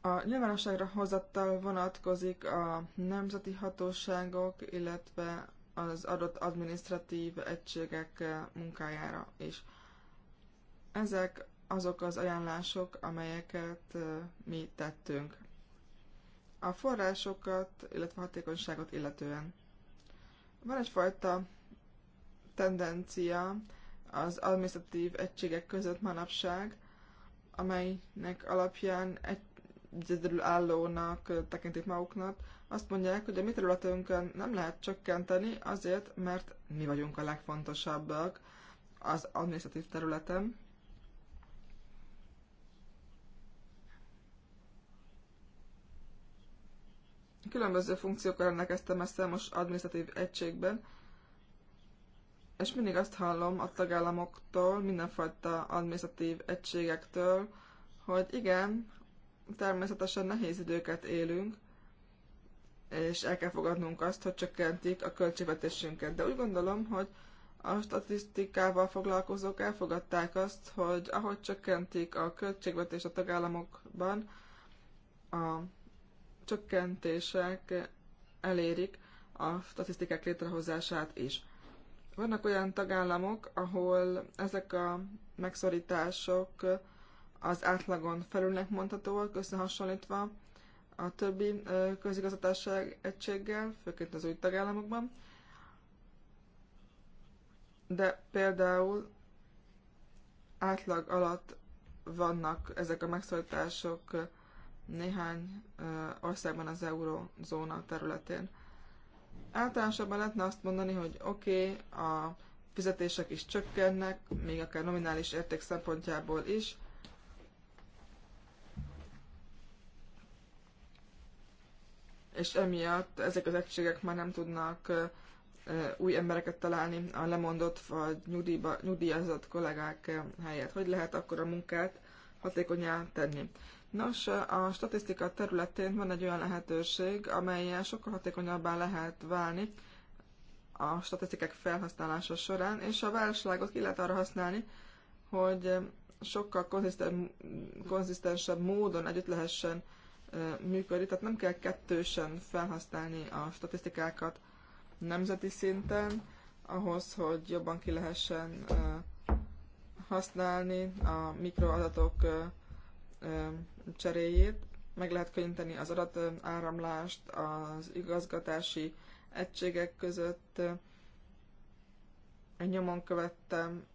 A nyilvánosságra hozattal vonatkozik a nemzeti hatóságok, illetve az adott adminisztratív egységek munkájára is. Ezek azok az ajánlások, amelyeket mi tettünk. A forrásokat, illetve hatékonyságot illetően. Van egyfajta tendencia az administratív egységek között manapság, amelynek alapján egy egyedülállónak tekintik maguknak, azt mondják, hogy a mi területünkön nem lehet csökkenteni azért, mert mi vagyunk a legfontosabbak az administratív területen. Különböző funkciókkal rendelkeztem ezt számos administratív egységben, és mindig azt hallom a tagállamoktól, mindenfajta administratív egységektől, hogy igen, természetesen nehéz időket élünk, és el kell fogadnunk azt, hogy csökkentik a költségvetésünket. De úgy gondolom, hogy a statisztikával foglalkozók elfogadták azt, hogy ahogy csökkentik a költségvetés a tagállamokban, a csökkentések elérik a statisztikák létrehozását is. Vannak olyan tagállamok, ahol ezek a megszorítások az átlagon felülnek mondhatóak, összehasonlítva a többi közigazgatásság egységgel, főként az új tagállamokban. De például átlag alatt vannak ezek a megszólítások néhány országban az eurozóna területén. Általánosabban lehetne azt mondani, hogy oké, okay, a fizetések is csökkennek, még akár nominális érték szempontjából is, és emiatt ezek az egységek már nem tudnak új embereket találni a lemondott vagy nyugdíjba, nyugdíjazott kollégák helyett. Hogy lehet akkor a munkát hatékonyá tenni? Nos, a statisztika területén van egy olyan lehetőség, amelyen sokkal hatékonyabbá lehet válni a statisztikák felhasználása során, és a válságot ki lehet arra használni, hogy sokkal konzisztensebb módon együtt lehessen működik, tehát nem kell kettősen felhasználni a statisztikákat nemzeti szinten, ahhoz, hogy jobban ki lehessen használni a mikroadatok cseréjét, meg lehet könnyíteni az adatáramlást az igazgatási egységek között. egy Nyomon követtem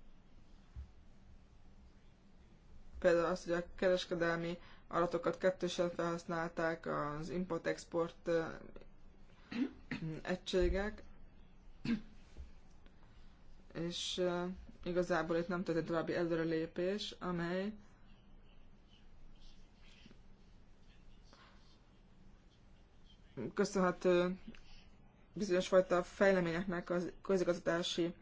például azt, hogy a kereskedelmi adatokat kettősen felhasználták az import-export egységek, és igazából itt nem történt további előrelépés, amely köszönhető bizonyos fajta fejleményeknek az közigazgatási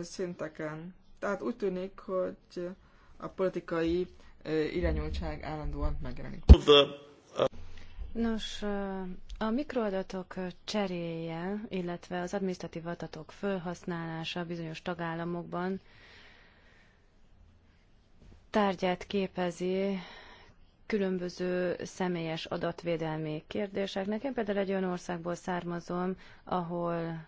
szinteken. Tehát úgy tűnik, hogy a politikai irányultság állandóan megjelenik. Nos, a mikroadatok cseréje, illetve az adminisztratív adatok felhasználása bizonyos tagállamokban tárgyát képezi különböző személyes adatvédelmi kérdéseknek. Én például egy olyan országból származom, ahol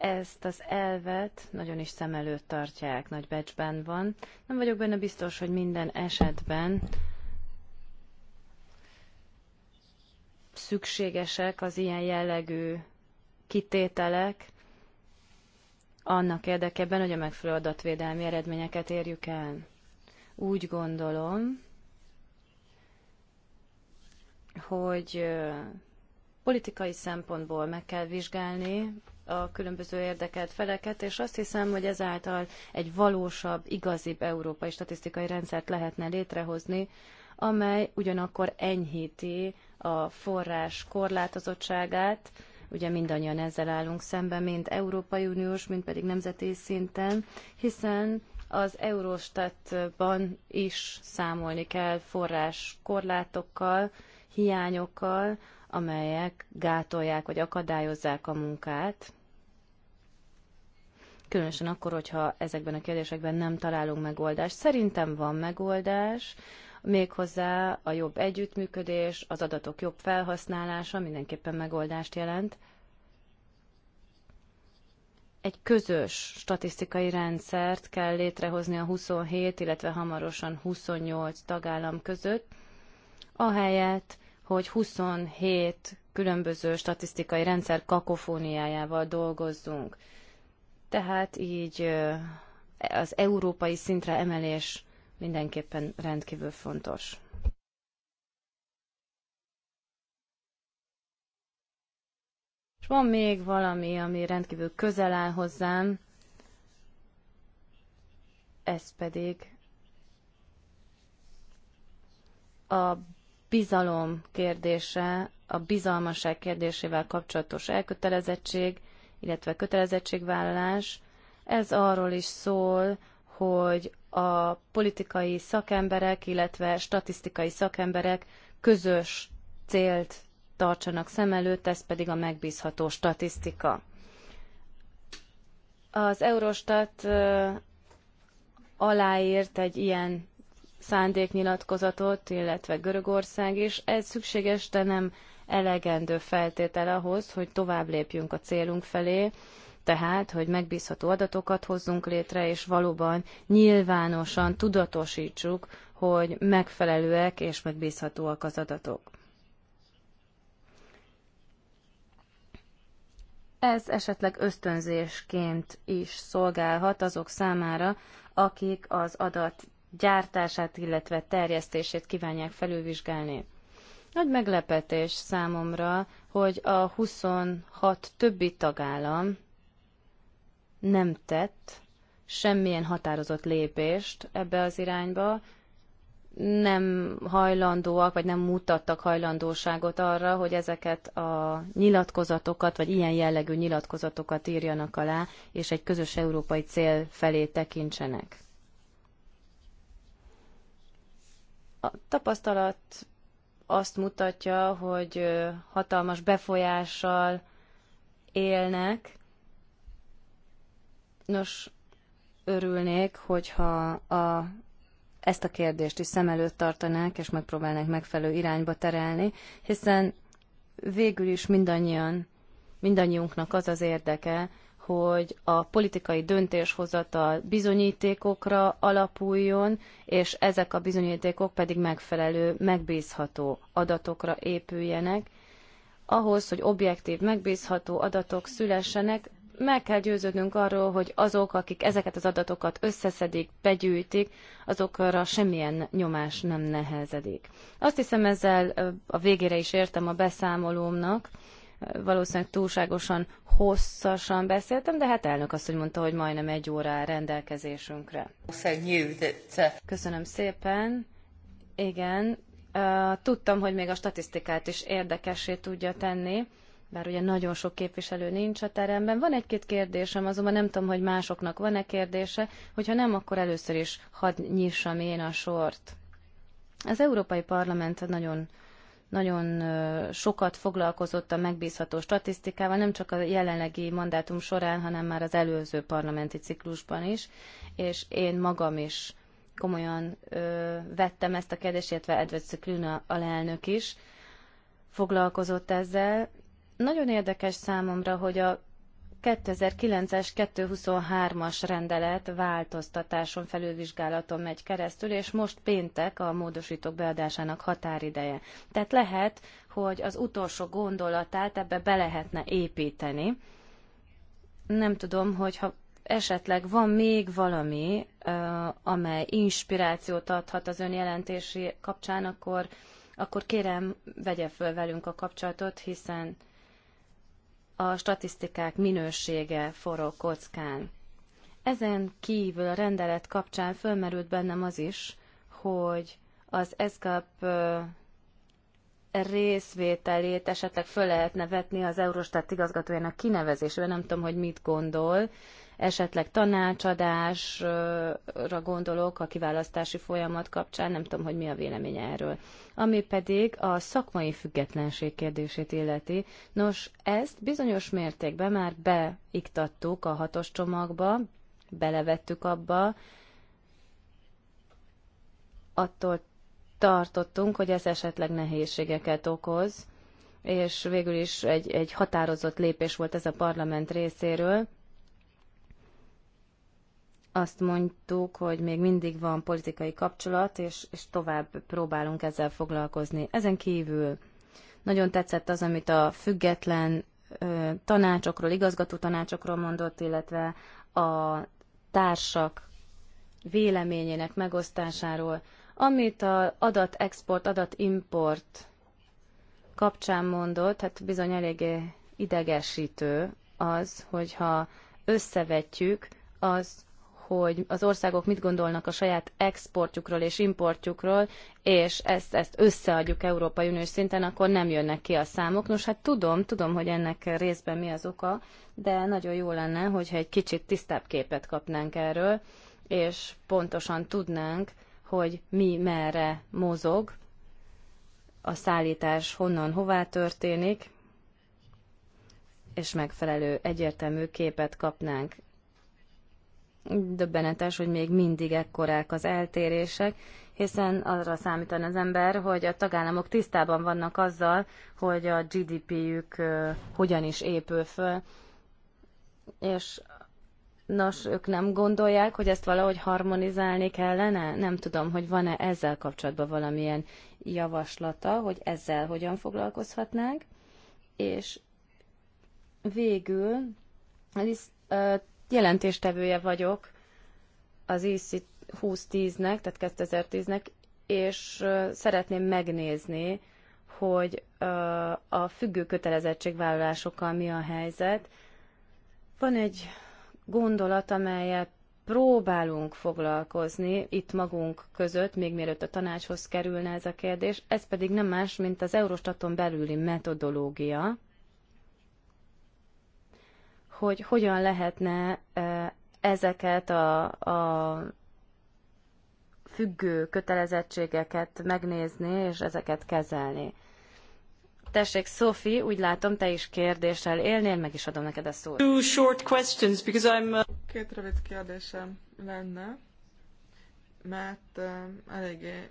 ezt az elvet nagyon is szem előtt tartják, nagy becsben van. Nem vagyok benne biztos, hogy minden esetben szükségesek az ilyen jellegű kitételek annak érdekében, hogy a megfelelő adatvédelmi eredményeket érjük el. Úgy gondolom, hogy Politikai szempontból meg kell vizsgálni a különböző érdekelt feleket, és azt hiszem, hogy ezáltal egy valósabb, igazibb európai statisztikai rendszert lehetne létrehozni, amely ugyanakkor enyhíti a forrás korlátozottságát, ugye mindannyian ezzel állunk szemben, mint Európai Uniós, mint pedig nemzeti szinten, hiszen az Eurostatban is számolni kell forrás korlátokkal, hiányokkal, amelyek gátolják vagy akadályozzák a munkát, különösen akkor, hogyha ezekben a kérdésekben nem találunk megoldást. Szerintem van megoldás, méghozzá a jobb együttműködés, az adatok jobb felhasználása mindenképpen megoldást jelent. Egy közös statisztikai rendszert kell létrehozni a 27, illetve hamarosan 28 tagállam között, ahelyett, hogy 27 különböző statisztikai rendszer kakofóniájával dolgozzunk. Tehát így az európai szintre emelés mindenképpen rendkívül fontos. És van még valami, ami rendkívül közel áll hozzám, ez pedig a bizalom kérdése, a bizalmaság kérdésével kapcsolatos elkötelezettség, illetve kötelezettségvállalás. Ez arról is szól, hogy a politikai szakemberek, illetve statisztikai szakemberek közös célt tartsanak szem előtt, ez pedig a megbízható statisztika. Az Eurostat aláírt egy ilyen szándéknyilatkozatot, illetve Görögország is. Ez szükséges, de nem elegendő feltétel ahhoz, hogy tovább lépjünk a célunk felé, tehát, hogy megbízható adatokat hozzunk létre, és valóban nyilvánosan tudatosítsuk, hogy megfelelőek és megbízhatóak az adatok. Ez esetleg ösztönzésként is szolgálhat azok számára, akik az adat gyártását, illetve terjesztését kívánják felülvizsgálni. Nagy meglepetés számomra, hogy a 26 többi tagállam nem tett semmilyen határozott lépést ebbe az irányba, nem hajlandóak, vagy nem mutattak hajlandóságot arra, hogy ezeket a nyilatkozatokat, vagy ilyen jellegű nyilatkozatokat írjanak alá, és egy közös európai cél felé tekintsenek. A tapasztalat azt mutatja, hogy hatalmas befolyással élnek. Nos, örülnék, hogyha a, ezt a kérdést is szem előtt tartanák, és megpróbálnák megfelelő irányba terelni, hiszen végül is mindannyian, mindannyiunknak az az érdeke, hogy a politikai döntéshozatal bizonyítékokra alapuljon, és ezek a bizonyítékok pedig megfelelő, megbízható adatokra épüljenek. Ahhoz, hogy objektív, megbízható adatok szülessenek, meg kell győződnünk arról, hogy azok, akik ezeket az adatokat összeszedik, begyűjtik, azokra semmilyen nyomás nem nehezedik. Azt hiszem ezzel a végére is értem a beszámolómnak valószínűleg túlságosan hosszasan beszéltem, de hát elnök azt, hogy mondta, hogy majdnem egy órá rendelkezésünkre. Uh, Köszönöm szépen. Igen, tudtam, hogy még a statisztikát is érdekessé tudja tenni, bár ugye nagyon sok képviselő nincs a teremben. Van egy-két kérdésem, azonban nem tudom, hogy másoknak van-e kérdése, hogyha nem, akkor először is hadd nyissam én a sort. Az Európai Parlament nagyon nagyon sokat foglalkozott a megbízható statisztikával, nem csak a jelenlegi mandátum során, hanem már az előző parlamenti ciklusban is, és én magam is komolyan ö, vettem ezt a kérdést, illetve Edward Cicluna alelnök is foglalkozott ezzel. Nagyon érdekes számomra, hogy a 2009-es 223-as rendelet változtatáson felülvizsgálaton megy keresztül, és most péntek a módosítók beadásának határideje. Tehát lehet, hogy az utolsó gondolatát ebbe be lehetne építeni. Nem tudom, hogyha esetleg van még valami, amely inspirációt adhat az ön jelentési kapcsán, akkor, akkor kérem, vegye föl velünk a kapcsolatot, hiszen a statisztikák minősége forró kockán. Ezen kívül a rendelet kapcsán fölmerült bennem az is, hogy az ESCAP részvételét esetleg föl lehetne vetni az Eurostat igazgatójának kinevezésében, nem tudom, hogy mit gondol, esetleg tanácsadásra gondolok a kiválasztási folyamat kapcsán, nem tudom, hogy mi a véleménye erről. Ami pedig a szakmai függetlenség kérdését illeti. Nos, ezt bizonyos mértékben már beiktattuk a hatos csomagba, belevettük abba, attól tartottunk, hogy ez esetleg nehézségeket okoz, és végül is egy, egy határozott lépés volt ez a parlament részéről, azt mondtuk, hogy még mindig van politikai kapcsolat, és, és tovább próbálunk ezzel foglalkozni. Ezen kívül nagyon tetszett az, amit a független ö, tanácsokról, igazgató tanácsokról mondott, illetve a társak véleményének megosztásáról, amit az adatexport, adatimport kapcsán mondott, hát bizony eléggé idegesítő az, hogyha összevetjük az hogy az országok mit gondolnak a saját exportjukról és importjukról, és ezt, ezt összeadjuk Európai Uniós szinten, akkor nem jönnek ki a számok. Nos, hát tudom, tudom, hogy ennek részben mi az oka, de nagyon jó lenne, hogyha egy kicsit tisztább képet kapnánk erről, és pontosan tudnánk, hogy mi merre mozog, a szállítás honnan hová történik, és megfelelő egyértelmű képet kapnánk Döbbenetes, hogy még mindig ekkorák az eltérések, hiszen arra számítan az ember, hogy a tagállamok tisztában vannak azzal, hogy a GDP-jük hogyan is épül föl, és nos, ők nem gondolják, hogy ezt valahogy harmonizálni kellene? Nem tudom, hogy van-e ezzel kapcsolatban valamilyen javaslata, hogy ezzel hogyan foglalkozhatnánk, és végül Liz, jelentéstevője vagyok az IC 2010-nek, tehát 2010-nek, és szeretném megnézni, hogy a függő kötelezettségvállalásokkal mi a helyzet. Van egy gondolat, amelyet próbálunk foglalkozni itt magunk között, még mielőtt a tanácshoz kerülne ez a kérdés, ez pedig nem más, mint az Eurostaton belüli metodológia, hogy hogyan lehetne ezeket a, a függő kötelezettségeket megnézni, és ezeket kezelni. Tessék, Sophie, úgy látom, te is kérdéssel élnél, meg is adom neked a szót. Two short questions, because I'm... Uh, Két rövid kérdésem lenne, mert uh, eléggé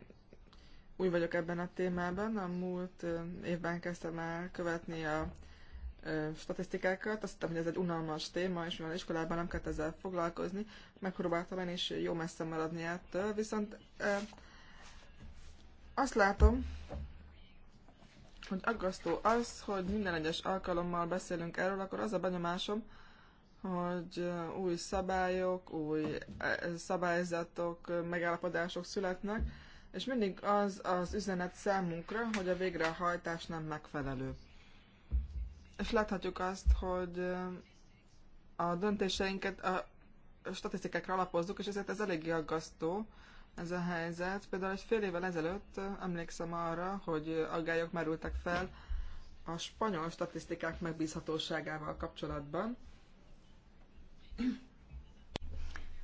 úgy vagyok ebben a témában. A múlt évben kezdtem el követni a statisztikákat. Azt hittem, hogy ez egy unalmas téma, és mivel iskolában nem kellett ezzel foglalkozni, megpróbáltam én is jó messze maradni ettől, viszont azt látom, hogy aggasztó az, hogy minden egyes alkalommal beszélünk erről, akkor az a benyomásom, hogy új szabályok, új szabályzatok, megállapodások születnek, és mindig az az üzenet számunkra, hogy a végrehajtás nem megfelelő és láthatjuk azt, hogy a döntéseinket a statisztikákra alapozzuk, és ezért ez eléggé aggasztó, ez a helyzet. Például egy fél évvel ezelőtt emlékszem arra, hogy aggályok merültek fel a spanyol statisztikák megbízhatóságával kapcsolatban.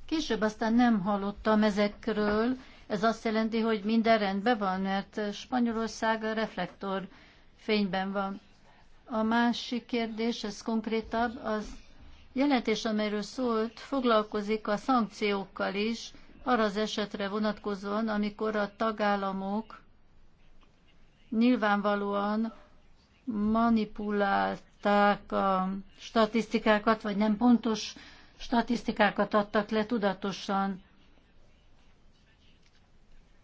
Később aztán nem hallottam ezekről. Ez azt jelenti, hogy minden rendben van, mert Spanyolország a reflektor fényben van. A másik kérdés, ez konkrétabb, az jelentés, amelyről szólt, foglalkozik a szankciókkal is, arra az esetre vonatkozóan, amikor a tagállamok nyilvánvalóan manipulálták a statisztikákat, vagy nem pontos statisztikákat adtak le tudatosan.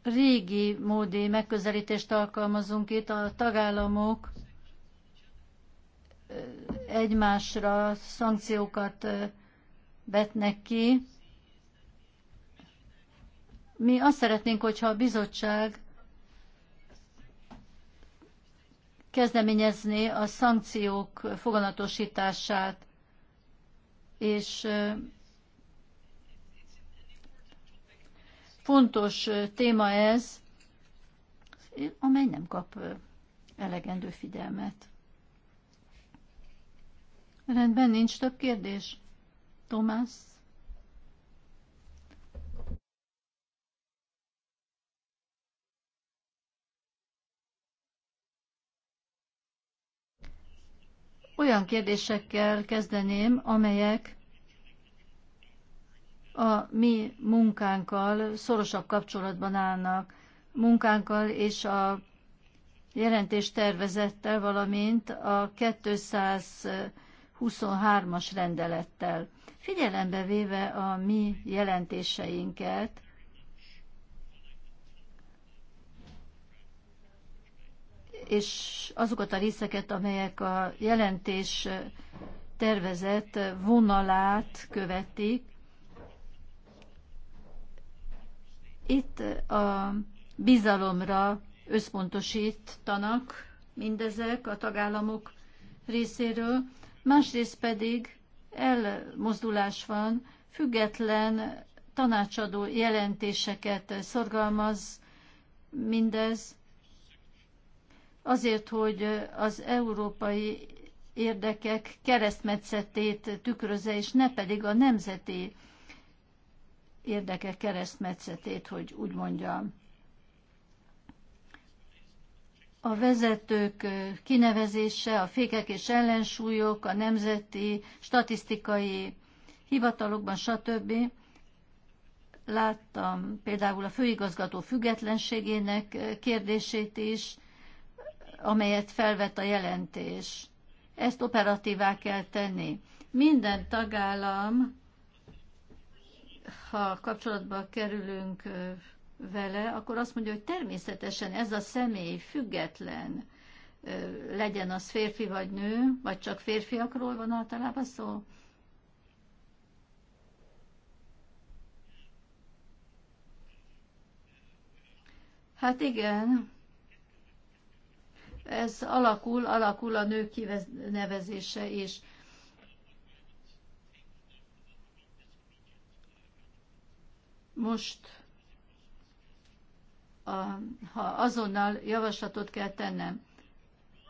Régi módi megközelítést alkalmazunk itt, a tagállamok egymásra szankciókat vetnek ki. Mi azt szeretnénk, hogyha a bizottság kezdeményezné a szankciók foganatosítását, és fontos téma ez, amely nem kap elegendő figyelmet. Rendben, nincs több kérdés. Tomás? Olyan kérdésekkel kezdeném, amelyek a mi munkánkkal szorosabb kapcsolatban állnak, munkánkkal és a jelentéstervezettel, valamint a 200 23-as rendelettel. Figyelembe véve a mi jelentéseinket, és azokat a részeket, amelyek a jelentés tervezett vonalát követik. Itt a bizalomra összpontosítanak mindezek a tagállamok részéről, másrészt pedig elmozdulás van, független tanácsadó jelentéseket szorgalmaz mindez, azért, hogy az európai érdekek keresztmetszetét tükröze, és ne pedig a nemzeti érdekek keresztmetszetét, hogy úgy mondjam a vezetők kinevezése, a fékek és ellensúlyok, a nemzeti statisztikai hivatalokban, stb. Láttam például a főigazgató függetlenségének kérdését is, amelyet felvet a jelentés. Ezt operatívá kell tenni. Minden tagállam, ha kapcsolatba kerülünk vele, akkor azt mondja, hogy természetesen ez a személy független, legyen az férfi vagy nő, vagy csak férfiakról van általában szó. Hát igen, ez alakul, alakul a nők nevezése is. Most a, ha azonnal javaslatot kell tennem,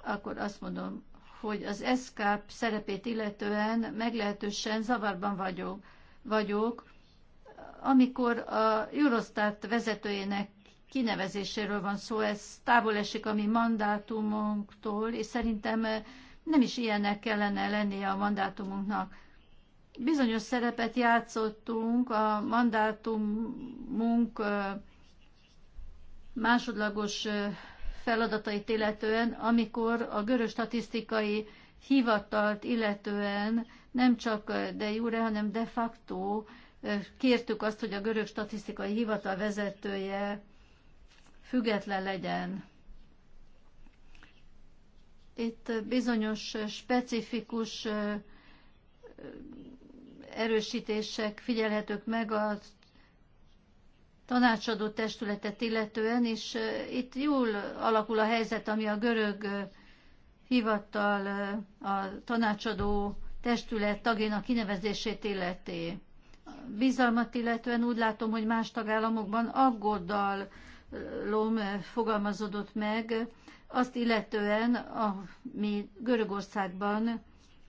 akkor azt mondom, hogy az ESCAP szerepét illetően meglehetősen zavarban vagyok, vagyok amikor a Eurostat vezetőjének kinevezéséről van szó, ez távol esik a mi mandátumunktól, és szerintem nem is ilyennek kellene lennie a mandátumunknak. Bizonyos szerepet játszottunk a mandátumunk másodlagos feladatait illetően, amikor a görög statisztikai hivatalt illetően nem csak de jure, hanem de facto kértük azt, hogy a görög statisztikai hivatal vezetője független legyen. Itt bizonyos specifikus erősítések figyelhetők meg a tanácsadó testületet illetően, és itt jól alakul a helyzet, ami a görög hivatal a tanácsadó testület tagjának kinevezését illeti. Bizalmat illetően úgy látom, hogy más tagállamokban aggodalom fogalmazódott meg, azt illetően, ami Görögországban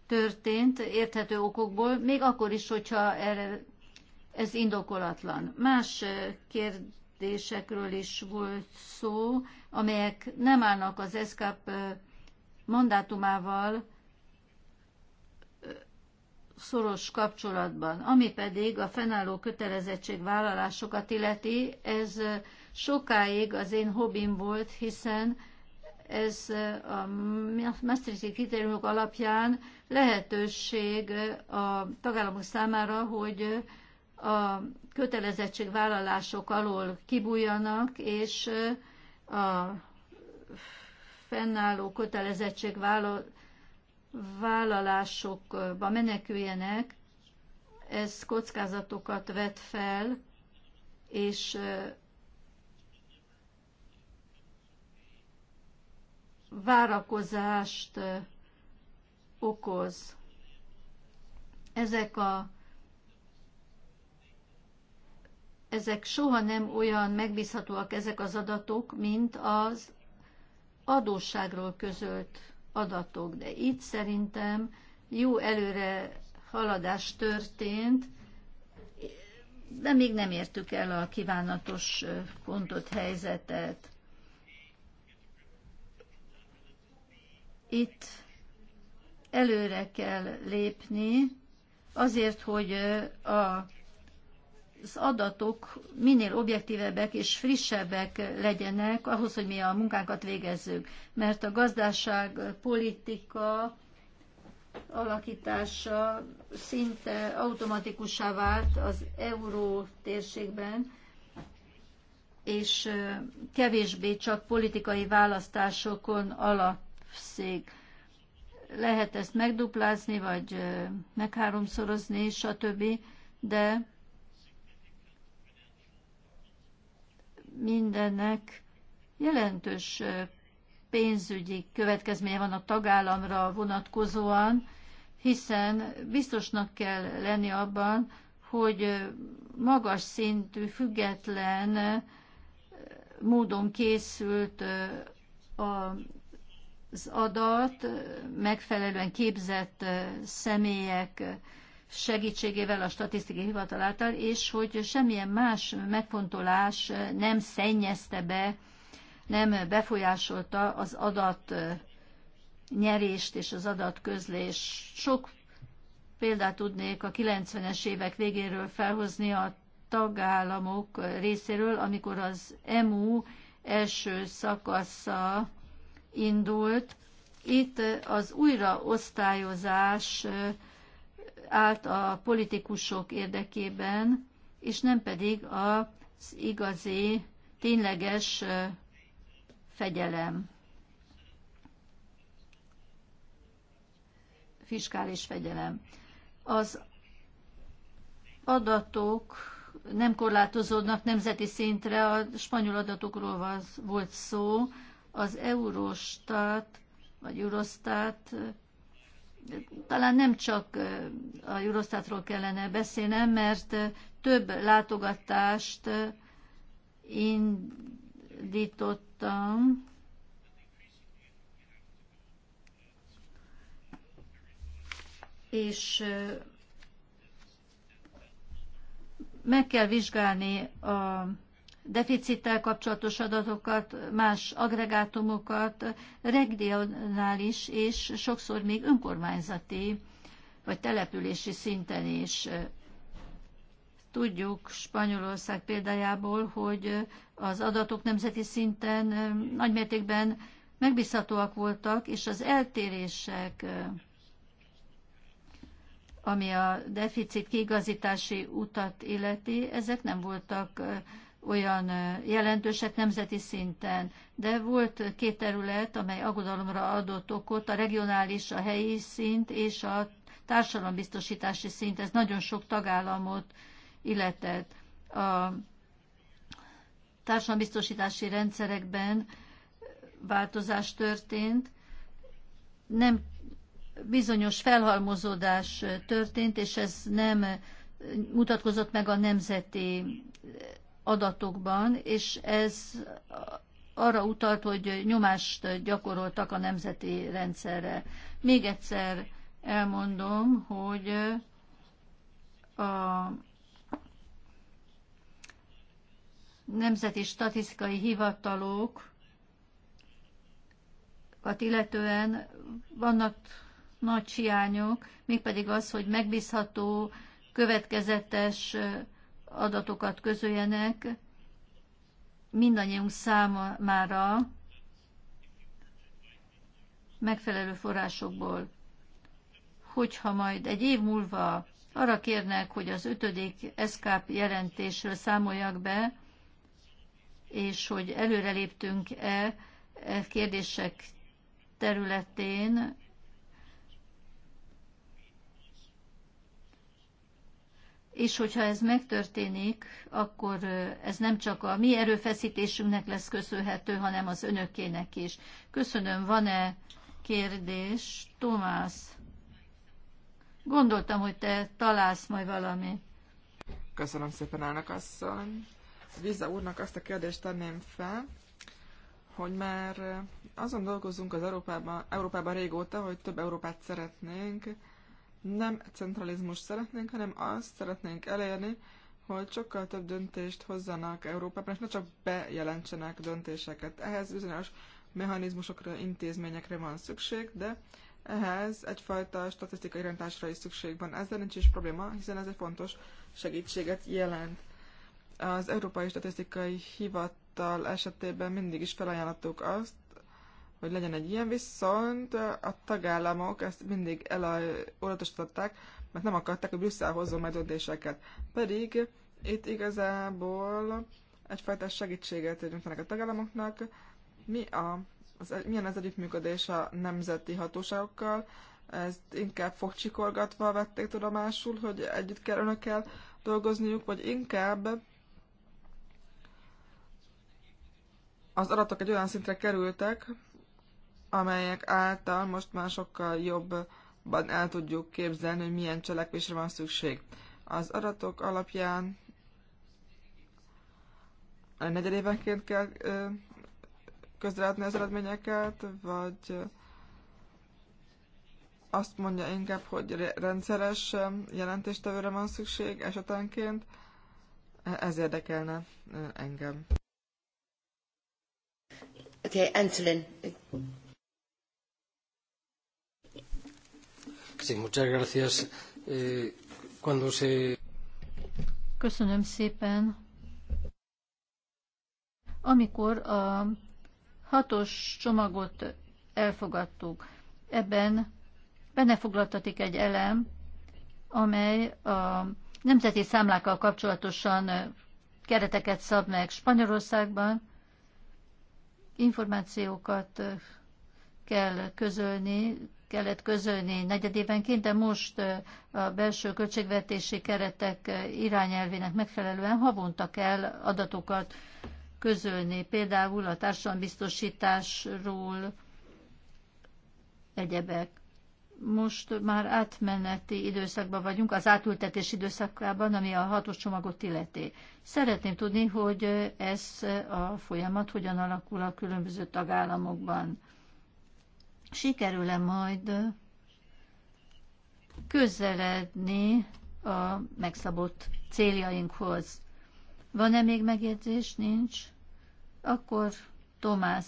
történt érthető okokból, még akkor is, hogyha erre ez indokolatlan. Más kérdésekről is volt szó, amelyek nem állnak az ESCAP mandátumával szoros kapcsolatban. Ami pedig a fennálló vállalásokat illeti, ez sokáig az én hobbim volt, hiszen ez a Maastrichti kritériumok alapján lehetőség a tagállamok számára, hogy a kötelezettségvállalások alól kibújjanak, és a fennálló kötelezettségvállalásokba meneküljenek, ez kockázatokat vet fel, és várakozást okoz. Ezek a ezek soha nem olyan megbízhatóak ezek az adatok, mint az adósságról közölt adatok. De itt szerintem jó előre haladás történt, de még nem értük el a kívánatos pontot, helyzetet. Itt előre kell lépni, azért, hogy a az adatok minél objektívebbek és frissebbek legyenek ahhoz, hogy mi a munkánkat végezzük. Mert a gazdaság, politika alakítása szinte automatikussá vált az euró térségben, és kevésbé csak politikai választásokon alapszik. Lehet ezt megduplázni, vagy megháromszorozni, stb., de mindennek jelentős pénzügyi következménye van a tagállamra vonatkozóan, hiszen biztosnak kell lenni abban, hogy magas szintű, független módon készült az adat, megfelelően képzett személyek segítségével a statisztikai hivatal által, és hogy semmilyen más megfontolás nem szennyezte be, nem befolyásolta az adat nyerést és az adatközlés. Sok példát tudnék a 90-es évek végéről felhozni a tagállamok részéről, amikor az EMU első szakasza indult. Itt az újraosztályozás állt a politikusok érdekében, és nem pedig az igazi, tényleges fegyelem, fiskális fegyelem. Az adatok nem korlátozódnak nemzeti szintre, a spanyol adatokról volt szó, az Eurostat vagy Eurostat talán nem csak a Eurostatról kellene beszélnem, mert több látogatást indítottam. És meg kell vizsgálni a deficittel kapcsolatos adatokat, más agregátumokat, regionális és sokszor még önkormányzati vagy települési szinten is. Tudjuk Spanyolország példájából, hogy az adatok nemzeti szinten nagymértékben megbízhatóak voltak, és az eltérések, ami a deficit kiigazítási utat illeti, ezek nem voltak olyan jelentősek nemzeti szinten. De volt két terület, amely aggodalomra adott okot, a regionális, a helyi szint és a társadalombiztosítási szint. Ez nagyon sok tagállamot illetett. A társadalombiztosítási rendszerekben változás történt, nem bizonyos felhalmozódás történt, és ez nem mutatkozott meg a nemzeti adatokban, és ez arra utalt, hogy nyomást gyakoroltak a nemzeti rendszerre. Még egyszer elmondom, hogy a nemzeti statisztikai hivatalok illetően vannak nagy hiányok, mégpedig az, hogy megbízható, következetes adatokat közöljenek mindannyiunk számára megfelelő forrásokból. Hogyha majd egy év múlva arra kérnek, hogy az ötödik ESCAP jelentésről számoljak be, és hogy előreléptünk-e e kérdések területén, és hogyha ez megtörténik, akkor ez nem csak a mi erőfeszítésünknek lesz köszönhető, hanem az önökének is. Köszönöm, van-e kérdés? Tomás, gondoltam, hogy te találsz majd valami. Köszönöm szépen, elnök asszony. Viza úrnak azt a kérdést tenném fel, hogy már azon dolgozunk az Európában, Európában régóta, hogy több Európát szeretnénk, nem centralizmus szeretnénk, hanem azt szeretnénk elérni, hogy sokkal több döntést hozzanak Európában, és ne csak bejelentsenek döntéseket. Ehhez bizonyos mechanizmusokra, intézményekre van szükség, de ehhez egyfajta statisztikai rendtársra is szükség van. Ezzel nincs is probléma, hiszen ez egy fontos segítséget jelent. Az Európai Statisztikai Hivatal esetében mindig is felajánlottuk azt, hogy legyen egy ilyen, viszont a tagállamok ezt mindig eloldatosították, mert nem akarták, hogy Brüsszel hozzon majd döntéseket. Pedig itt igazából egyfajta segítséget nyújtanak a tagállamoknak. Mi a, az, milyen az együttműködés a nemzeti hatóságokkal? Ezt inkább fogcsikorgatva vették tudomásul, hogy együtt kell önökkel dolgozniuk, vagy inkább az adatok egy olyan szintre kerültek, amelyek által most már sokkal jobban el tudjuk képzelni, hogy milyen cselekvésre van szükség. Az adatok alapján negyedévenként kell közreadni az eredményeket, vagy azt mondja inkább, hogy rendszeres jelentéstevőre van szükség esetenként. Ez érdekelne engem. Okay, Antolin. Sí, muchas gracias. Eh, cuando se... Köszönöm szépen. Amikor a hatos csomagot elfogadtuk, ebben benne foglaltatik egy elem, amely a nemzeti számlákkal kapcsolatosan kereteket szab meg Spanyolországban, információkat kell közölni, kellett közölni negyedévenként, de most a belső költségvetési keretek irányelvének megfelelően havonta kell adatokat közölni, például a társadalombiztosításról, egyebek. Most már átmeneti időszakban vagyunk, az átültetés időszakában, ami a hatos csomagot illeti. Szeretném tudni, hogy ez a folyamat hogyan alakul a különböző tagállamokban sikerül-e majd közeledni a megszabott céljainkhoz. Van-e még megjegyzés? Nincs. Akkor Tomás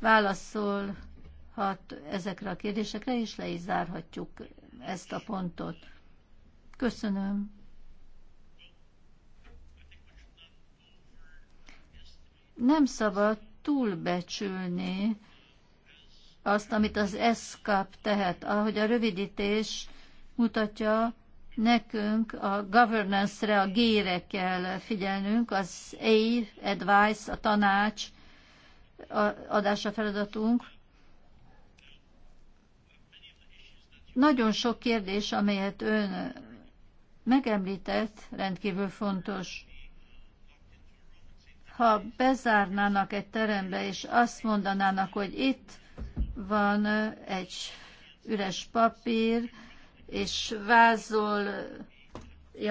válaszolhat ezekre a kérdésekre, és le is zárhatjuk ezt a pontot. Köszönöm. Nem szabad túlbecsülni azt, amit az ESCAP tehet. Ahogy a rövidítés mutatja, nekünk a governance-re, a G-re kell figyelnünk, az A, advice, a tanács a adása feladatunk. Nagyon sok kérdés, amelyet ön megemlített, rendkívül fontos. Ha bezárnának egy terembe, és azt mondanának, hogy itt van egy üres papír, és vázolja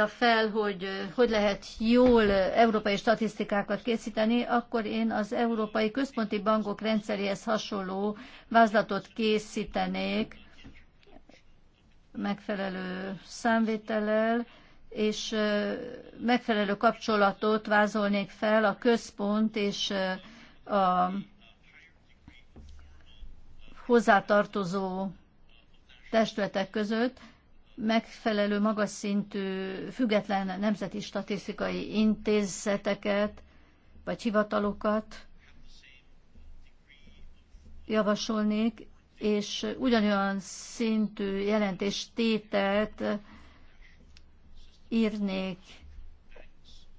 fel, hogy hogy lehet jól európai statisztikákat készíteni, akkor én az Európai Központi Bankok rendszeréhez hasonló vázlatot készítenék megfelelő számvétellel, és megfelelő kapcsolatot vázolnék fel a központ és a hozzátartozó testületek között megfelelő magas szintű független nemzeti statisztikai intézeteket vagy hivatalokat javasolnék, és ugyanolyan szintű jelentéstételt írnék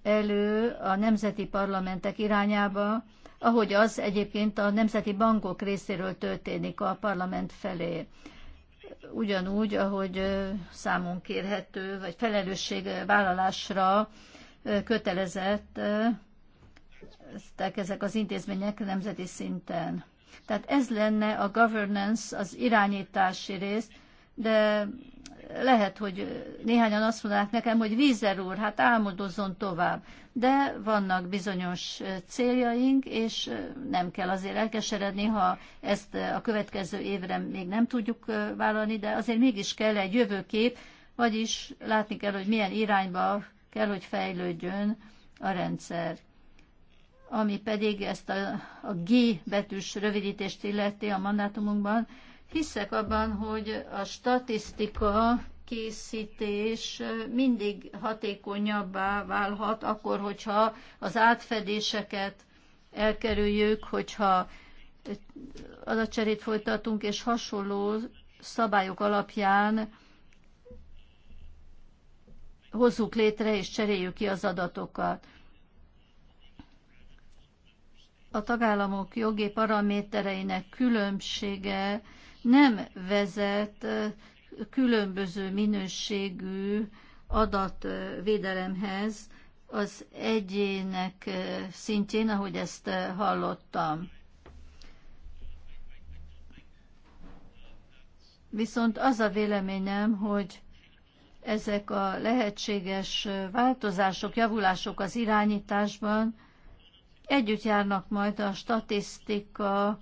elő a nemzeti parlamentek irányába, ahogy az egyébként a nemzeti bankok részéről történik a parlament felé. Ugyanúgy, ahogy számon kérhető, vagy felelősségvállalásra kötelezett ezek az intézmények nemzeti szinten. Tehát ez lenne a governance, az irányítási rész, de lehet, hogy néhányan azt mondanák nekem, hogy Vízer úr, hát álmodozzon tovább. De vannak bizonyos céljaink, és nem kell azért elkeseredni, ha ezt a következő évre még nem tudjuk vállalni, de azért mégis kell egy jövőkép, vagyis látni kell, hogy milyen irányba kell, hogy fejlődjön a rendszer. Ami pedig ezt a, a G betűs rövidítést illeti a mandátumunkban, Hiszek abban, hogy a statisztika készítés mindig hatékonyabbá válhat akkor, hogyha az átfedéseket elkerüljük, hogyha adatcserét folytatunk, és hasonló szabályok alapján hozzuk létre és cseréljük ki az adatokat. A tagállamok jogi paramétereinek különbsége nem vezet különböző minőségű adatvédelemhez az egyének szintjén, ahogy ezt hallottam. Viszont az a véleményem, hogy ezek a lehetséges változások, javulások az irányításban együtt járnak majd a statisztika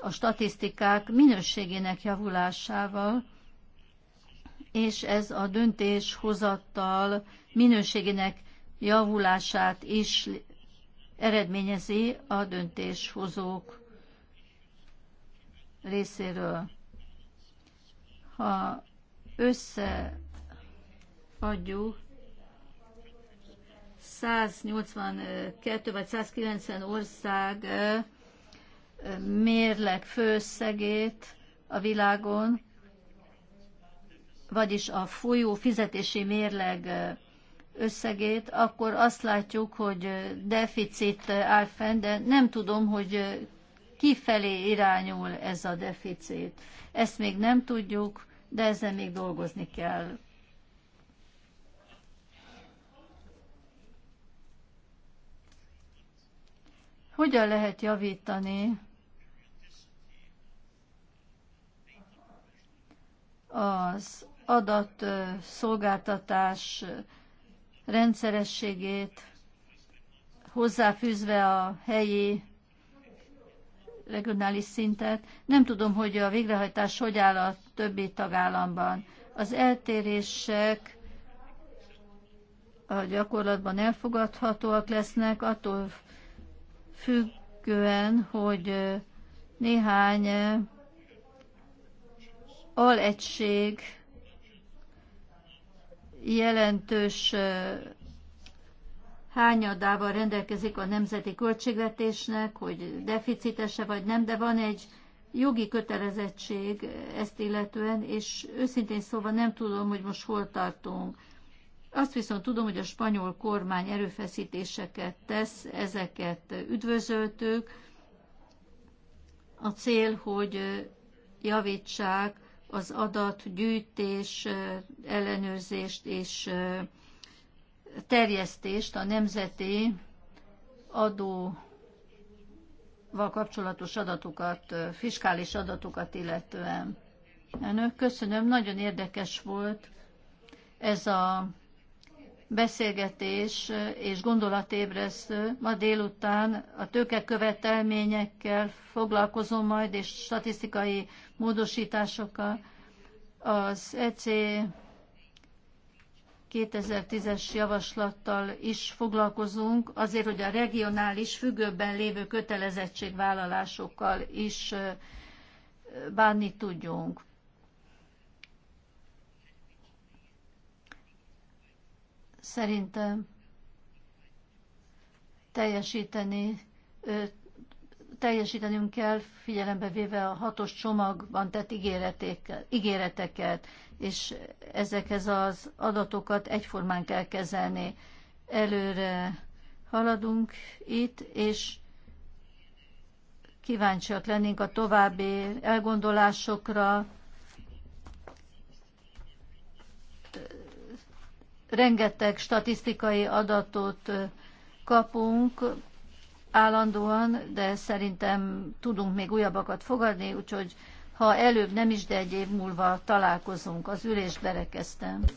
a statisztikák minőségének javulásával, és ez a döntéshozattal minőségének javulását is eredményezi a döntéshozók részéről. Ha összeadjuk 182 vagy 190 ország mérleg főszegét a világon, vagyis a folyó fizetési mérleg összegét, akkor azt látjuk, hogy deficit áll fenn, de nem tudom, hogy kifelé irányul ez a deficit. Ezt még nem tudjuk, de ezzel még dolgozni kell. Hogyan lehet javítani az adatszolgáltatás rendszerességét, hozzáfűzve a helyi regionális szintet. Nem tudom, hogy a végrehajtás hogy áll a többi tagállamban. Az eltérések a gyakorlatban elfogadhatóak lesznek, attól függően, hogy néhány alegység jelentős hányadával rendelkezik a nemzeti költségvetésnek, hogy deficitese vagy nem, de van egy jogi kötelezettség ezt illetően, és őszintén szóval nem tudom, hogy most hol tartunk. Azt viszont tudom, hogy a spanyol kormány erőfeszítéseket tesz, ezeket üdvözöltük. A cél, hogy javítsák az adatgyűjtés, ellenőrzést és terjesztést a nemzeti adóval kapcsolatos adatokat, fiskális adatokat illetően. Önök, köszönöm, nagyon érdekes volt ez a beszélgetés és gondolatébresztő. Ma délután a tőke követelményekkel foglalkozom majd, és statisztikai módosításokkal. Az EC 2010-es javaslattal is foglalkozunk, azért, hogy a regionális függőben lévő kötelezettségvállalásokkal is bánni tudjunk. Szerintem teljesíteni, teljesítenünk kell, figyelembe véve a hatos csomagban tett ígéreteket, és ezekhez az adatokat egyformán kell kezelni. Előre haladunk itt, és kíváncsiak lennénk a további elgondolásokra, rengeteg statisztikai adatot kapunk állandóan, de szerintem tudunk még újabbakat fogadni, úgyhogy ha előbb nem is, de egy év múlva találkozunk. Az ülést berekeztem.